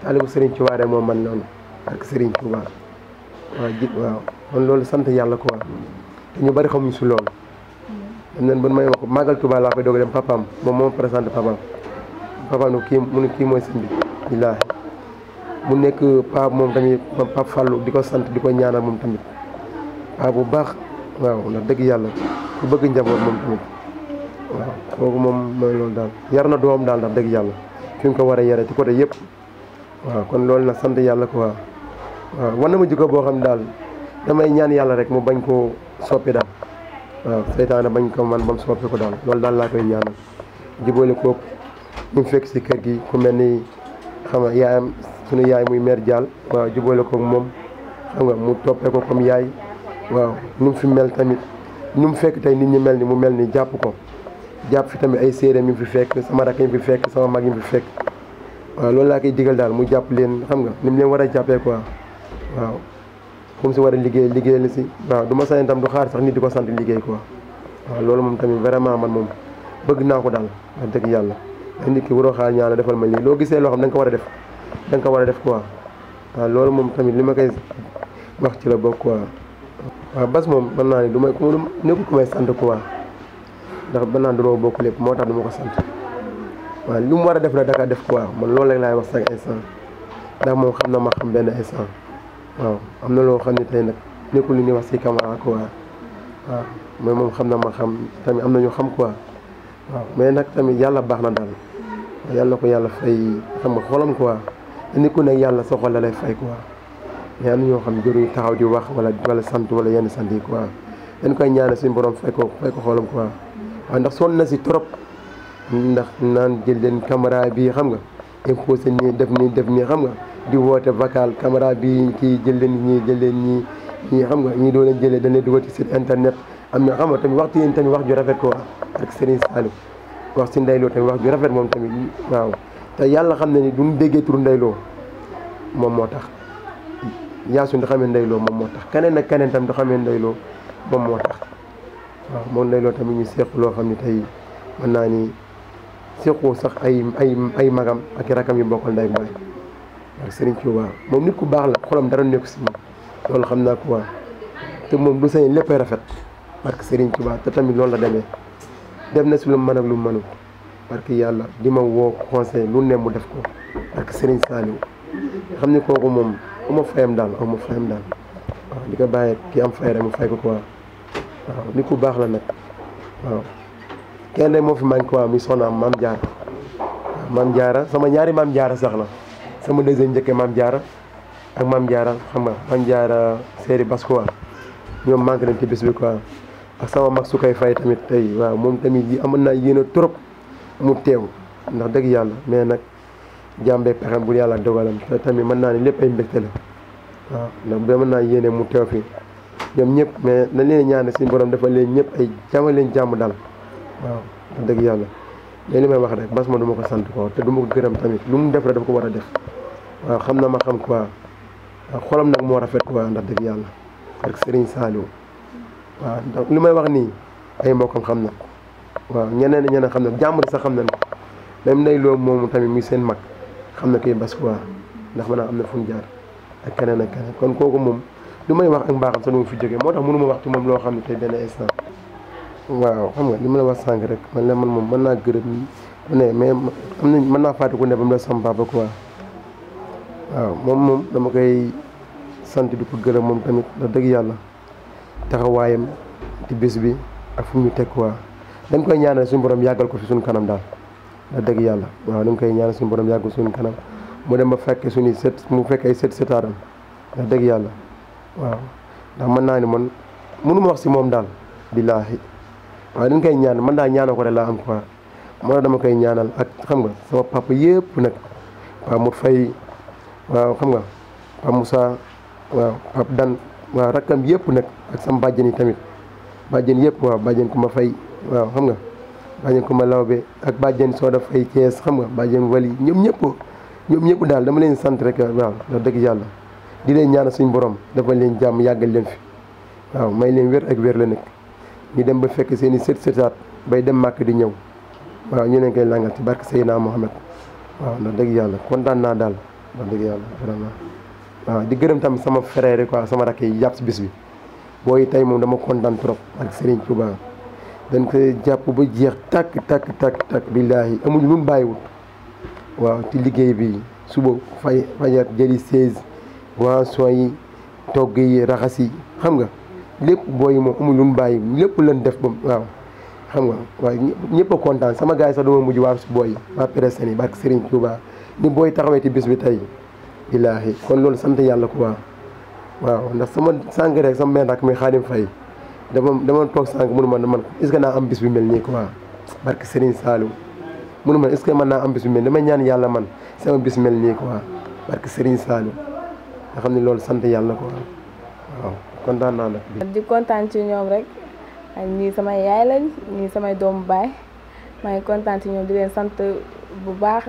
taalibu Serigne Touba de moom man noonu barke Serigne Touba waaw ji waaw kon loolu sant yàlla ko waa te ñu bari xamuñ si loolu dem nañ ban may ma ko màggal Touba laa koy doog dem papaam moom moo présenté papaam papaam ne kii mu ne kii mooy sëñ bi mu nekk paa moom tamit pap Fallou di ko sant di ko ñaanal moom tamit paa bu baax waaw ndax dëgg yàlla ku bëgg njaboot moom tamit waaw kooku moom mooy loolu daal yar na doom daal ndax dëgg yàlla fi ko war a yare ci côté kon loolu na sant yàlla quoi waaw war na ma jikko boo xam ne daal damay ñaan yàlla rek mu bañ koo soppi daal waaw seytaane bañ ko man ba mu soppi ko daal loolu daal laa koy ñaanal jubóole koog ñu fekk si kër gi ku mel ni xam nga yaayam sunu yaay muy mère Diall waaw jubale koog moom xam nga mu toppee ko comme yaay waaw nu mu fi mel tamit nu mu fekk tey nit ñi mel ni mu mel ni jàpp ko jàpp fi tamit ay séeréem yi fi fekk sama rakk yi fi fekk sama mag yi fi fekk waaw loolu laa koy digal daal mu jàpp leen xam nga ni mu leen war a jàppee ko waaw comme si war a liggéey liggéey la si waaw duma ma sañ du xaar sax nit di ko sant liggéey quoi waaw loolu moom tamit vraiment man moom bëgg naa ko daal dëgg yàlla nit ki waroo xaar ñaala defal ma lii loo gisee loo xam ko war a def da ko war a def quoi waaw loolu moom tamit li ma koy wax ci la bokk quoi waaw bas moom mën naa ne du may ku nekkul ko may sant quoi ndax mën naa danoo bokk lépp moo tax duma ko sant waaw lu mu war a def la daka def quoi man loolu rek laay wax chaque instant ndax moom xam na ma xam benn instant waaw am na loo xam ne tey nag nekkul li ñuy wax si caméra quoi waaw mais moom xam na ma xam tamit am na ñu xam quoi waaw mais nag tamit yàlla baax na daal yàlla ko yàlla fay xam nga xolam quoi nit ku nekk yàlla sa xol la lay fay quoi. mais am ñoo xam ne jëruñu taxaw di wax wala wala sant wala yenn sant yi quoi dañ koy ñaanal suñu borom fay ko fay ko xoolam quoi waaw ndax sonn na si trop ndax naan jël leen caméra bi xam nga imposé nii def nii def nii xam nga di woote bakaal caméra bi kii jël leen ñii jël leen ñii ñii xam nga ñii doo leen jëlee dañ leen dugal ci internet am na xam nga tamit waxtu yéen tamit wax ju rafet quoi ak Serigne Saliou wax si Ndeyloo tamit wax ju rafet moom tamit waaw te yàlla xam na ni duñ déggee tur Ndeyloo moom moo tax yaasu di xamee ndeyloo moom moo tax keneen ak keneen tam di xamee ndeyloo moom moo tax waaw moom ndeyloo tamit ñu seq loo xam ne tey man naa ni seqoo sax ay ay ay magam ak i yu bokkal nday mooy ak Serigne Touba moom nit ku baax la xolam dara nekku si moom loolu xam naa ko waa te moom du sañ léppay rafet barke Serigne Touba te tamit loolu la demee def na si lu mën ak lu mënul barke yàlla di ma woo conseil lu ne mu def ko barke Serigne Saliou xam ni kooku moom ama fayam daal ama fayam daal waaw di ko am fay rek mu fay ku baax la nag waaw kenn de moo fi manqué quoi jaara maam jaara sama ñaari maam jaara sax la sama deuxième njëkkee maam jaara ak jaara xam nga jaara séeri bas ñoom manqué nañ ci bés bi quoi ak tamit tey waaw moom yi amoon naa yéene trop mu teew ndax dëgg yàlla mais nag jaam day pexem bu yàlla dogalam te tamit mën naa ne lépp ay mbégte la waaw ndax ba mën naa yéene mu teew fii ñoom ñëpp mais na leen ñaan si borom dafa leen ñëpp ay jàmm leen jàmm dal waaw dëgg yàlla léegi li may wax rek bas ma du ko sant te du ma ko gërëm tamit lu mu def rek ko war a def xam na ma xam quoi xolam nag moo rafet quoi ndax dëgg yàlla ak Serigne Saliou waaw li may wax nii ay mbokkam xam na ko waaw ñeneen ñeneen xam na jàmm sax xam nañ ko même nay loo moom tamit muy seen mag xam na koy bas quoi ndax maanaam am na fu jaar ak keneen ak keneen kon kooku moom lu may wax ak mbaaxam sax nu fi jógee moo tax mënuma wax ci moom loo xam ne tey benn instant waaw xam nga li ma wax sànq rek man la man moom mën naa gërëm ku ne mais am nañ mën naa fàtte ku ne ba mu la sama ko quoi waaw moom moom dama koy sant di ko gërëm moom tamit wax dëgg yàlla taxawaayam ci bés bi ak fu mu ñu teg quoi dañ koy ñaanal suñu borom yàggal ko fi suñu kanam daal dëgg yalla waaw ñu koy ñaan suñu borom yàgg suñu kanam mu dem ba fekk suñu set mu fekk ay set sëtaaram ndax dëgg yalla waaw da man na ni man mënuma wax si mom dal billahi waaw ñu koy ñaan man da ñaanoo ko de am quoi mo dama koy ñaanal ak xam nga sama papa yépp nak Pa mu Fay waaw xam nga Pa musa waaw pap Dan waaw rakam yépp nak ak sama bàjjen tamit bàjjen yépp waaw bàjjen ku ma fay waaw xam nga bàjjen Kumba Lawbe ak bàjjen Soda Faye Thiès xam nga bàjjen Wali ñoom ñëpp ñoom ñëpp daal dama leen sant rek waaw wax dëgg yàlla di leen ñaana suñu borom dafa leen jàmm yàggal leen fi waaw may leen wér ak wér la nekk ñu dem ba fekk seen i sët bay dem màkk di ñëw waaw ñu leen koy langal ci barke Seydina Mohamed waaw dëgg yàlla kontaan naa daal wax dëgg yàlla vraiment di gërëm tamit sama frère ko sama rakk yi jàpp si bis bi booy tey moom dama kontaan trop ak Serigne Touba. dañ ko jàpp ba jeex tàkk tàkk tàkk tàkk billaahi amuñu lu mu bàyyiwut waaw ci liggéey bi suba fay fajar jëli seize boisson yi togg yi raxas yi xam nga lépp booy moom amuñu lu mu bàyyi lépp lan def ba waaw xam nga waaye ñëpp kontaan sama gars yi sax dama mujj waar si booy waa presse ni barke Serigne Touba ni booy taxawee ci bis bi tey billaahi kon loolu sant yàlla ko waaw waaw ndax sama sàng rek sama benn rakk mi Xaadim Fay dama dama toog sànq mënu man man est ce que naa am bis bu mel nii quoi barke Serigne Saliou mënu man est ce que mën naa am bis bu mel damay yàlla man sama bis mel nii quoi barke Serigne Saliou nga xam ne loolu sant yàlla quoi kontaan naa nag. di kontaan ci ñoom rek ñii samay yaay lañ ñii samay doomu baay maa ngi kontaan ci ñoom di leen sant bu baax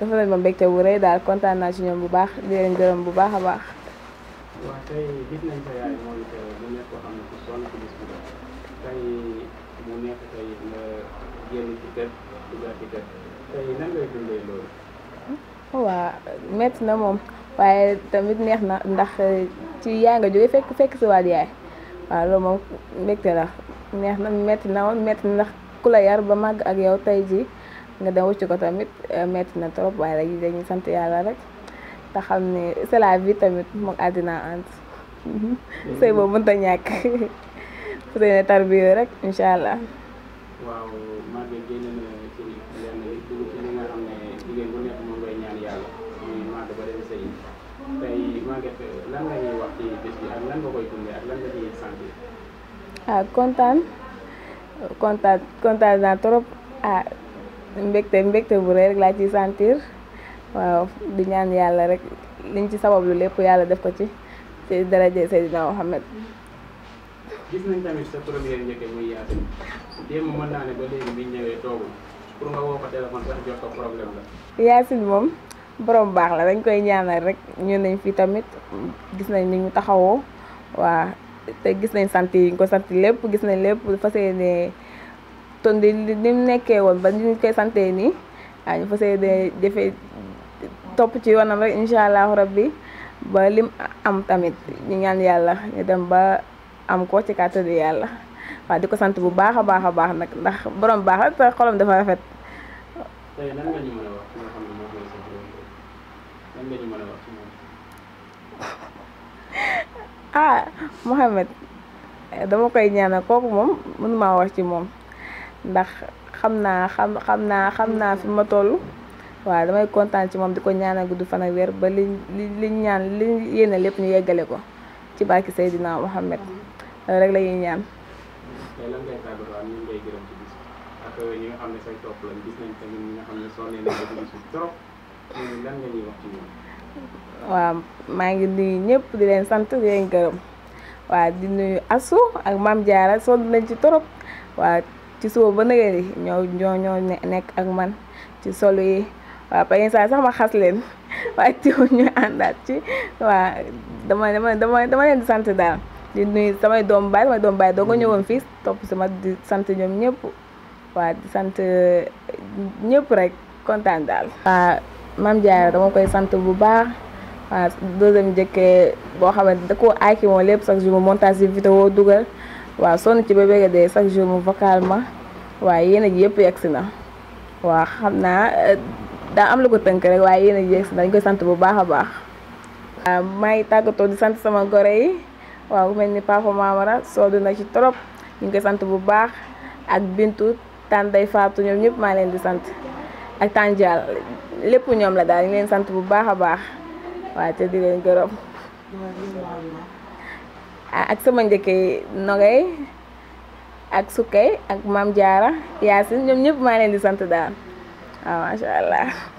dafa leen ma mbégte bu rëy daal kontaan naa ci ñoom bu baax di leen gërëm bu baax a baax. génn ci na moom waaye tamit neex na ndax eh, ci yaay nga jógee fekk fekk si waat yaay waaw loolu moom mbégte la neex na metti na woon métti na ndax ku la yar ba màgg ak yow tey jii nga dem ci ko tamit eh, metti na trop waaye rek dañuy sant yàlla rek te xam ne c'est la vie tamit moom àddina ànd mm-hmm. sëy boobu mënta ñàkk su <laughs> dee ne tarbiyo rek incha allah. waaw maa ngi génne na ci lenn dugg ci li nga xam ne jigéen bu nekk moom ngay ñaan yàlla muy màgg ba dem sëy tey màgget lan nga ñuy wax ci bés bi ak lan nga koy dundee ak lan nga ciy santi ah kontaan kontaan kontaan naa trop ah mbégte mbégte bu rëy rek laa ciy sentir waaw di ñaan yàlla rek liñ ci sabablu lépp yàlla def ko ci ci daraje Seydina Mohamed. gis nañ tamit sa première njëkke muy Yacine. démb mën naa ne ba léegi bi ñëwee toogul pour nga woo ko téléphone sax jot ko problème la. Yacine moom borom baax la dañ koy ñaanal rek ñu nañ fi tamit gis nañ ni mu taxawoo waa te gis nañ sant yi ñu ko sant lépp gis nañ lépp fas yéene tondi ni mu nekkee woon ba ah, ñu koy santee nii ñu fas yéene jëfee ci yoonam rek incha rabbi ba lim am tamit ñu ñaan yàlla ñu dem ba am ko ci kàttanu yàlla. waa di ko sant bu baax a baax a baax nag ndax borom baax la te xolam dafa rafet. a wax <laughs> ah Mouhamed dama koy ñaan kooku moom mënumaa wax ci moom ndax xam naa xam xam naa xam naa fi ma toll waa damay kontaan ci moom di ko ñaanal gudd fan ak weer ba li li ñaan li yéene lépp ñu yeggale ko ci barki Seydina Mouhamed rek la ñaan. tey maa ngi nuyu ñépp di leen sant di leen gërëm waaw di ak Maam Jaara sol nañ ci trop waaw ci suba ba nga ni ñoo ñoo nekk ak man ci solo yi waaw par exemple sax ma xas leen <laughs> waaye teewul ñu àndaat ci waaw dama dama dama dama leen di sant daal. di nuyu samay doom baay samay doom baay doo ko ñëwoon fii topp sama di sant ñoom ñëpp waa di sant eh, ñëpp rek kontaan daal. waa Mame Diarra dama koy sant bu baax waa deuxième jëkkee boo xamante da koo aay ki moom lépp chaque jour mu montage si vidéo dugal waaw sonn ci ba béykat de jour mu vocal ma waaye yéen yëpp yegg si na waa xam naa eh, daa am lu ko tënk rek waaye yéen a ji sant bu baax a baax. waaw maa ngi tàggatoo di sant sama gore yi. waaw mel ni Papa Mamara soldu na ci torop ñu ngi koy sant bu baax ak Bintu tan day faatu ñoom ma maa leen di sant ak tànjaal lepp ñom la daal ñu leen sant bu baaxa a baax waaw te di leen gërëm ak sama ndeke nogay ak sukkay ak mam jaara yasin ñom ñep ma leen di sant daal ah, ma sha allah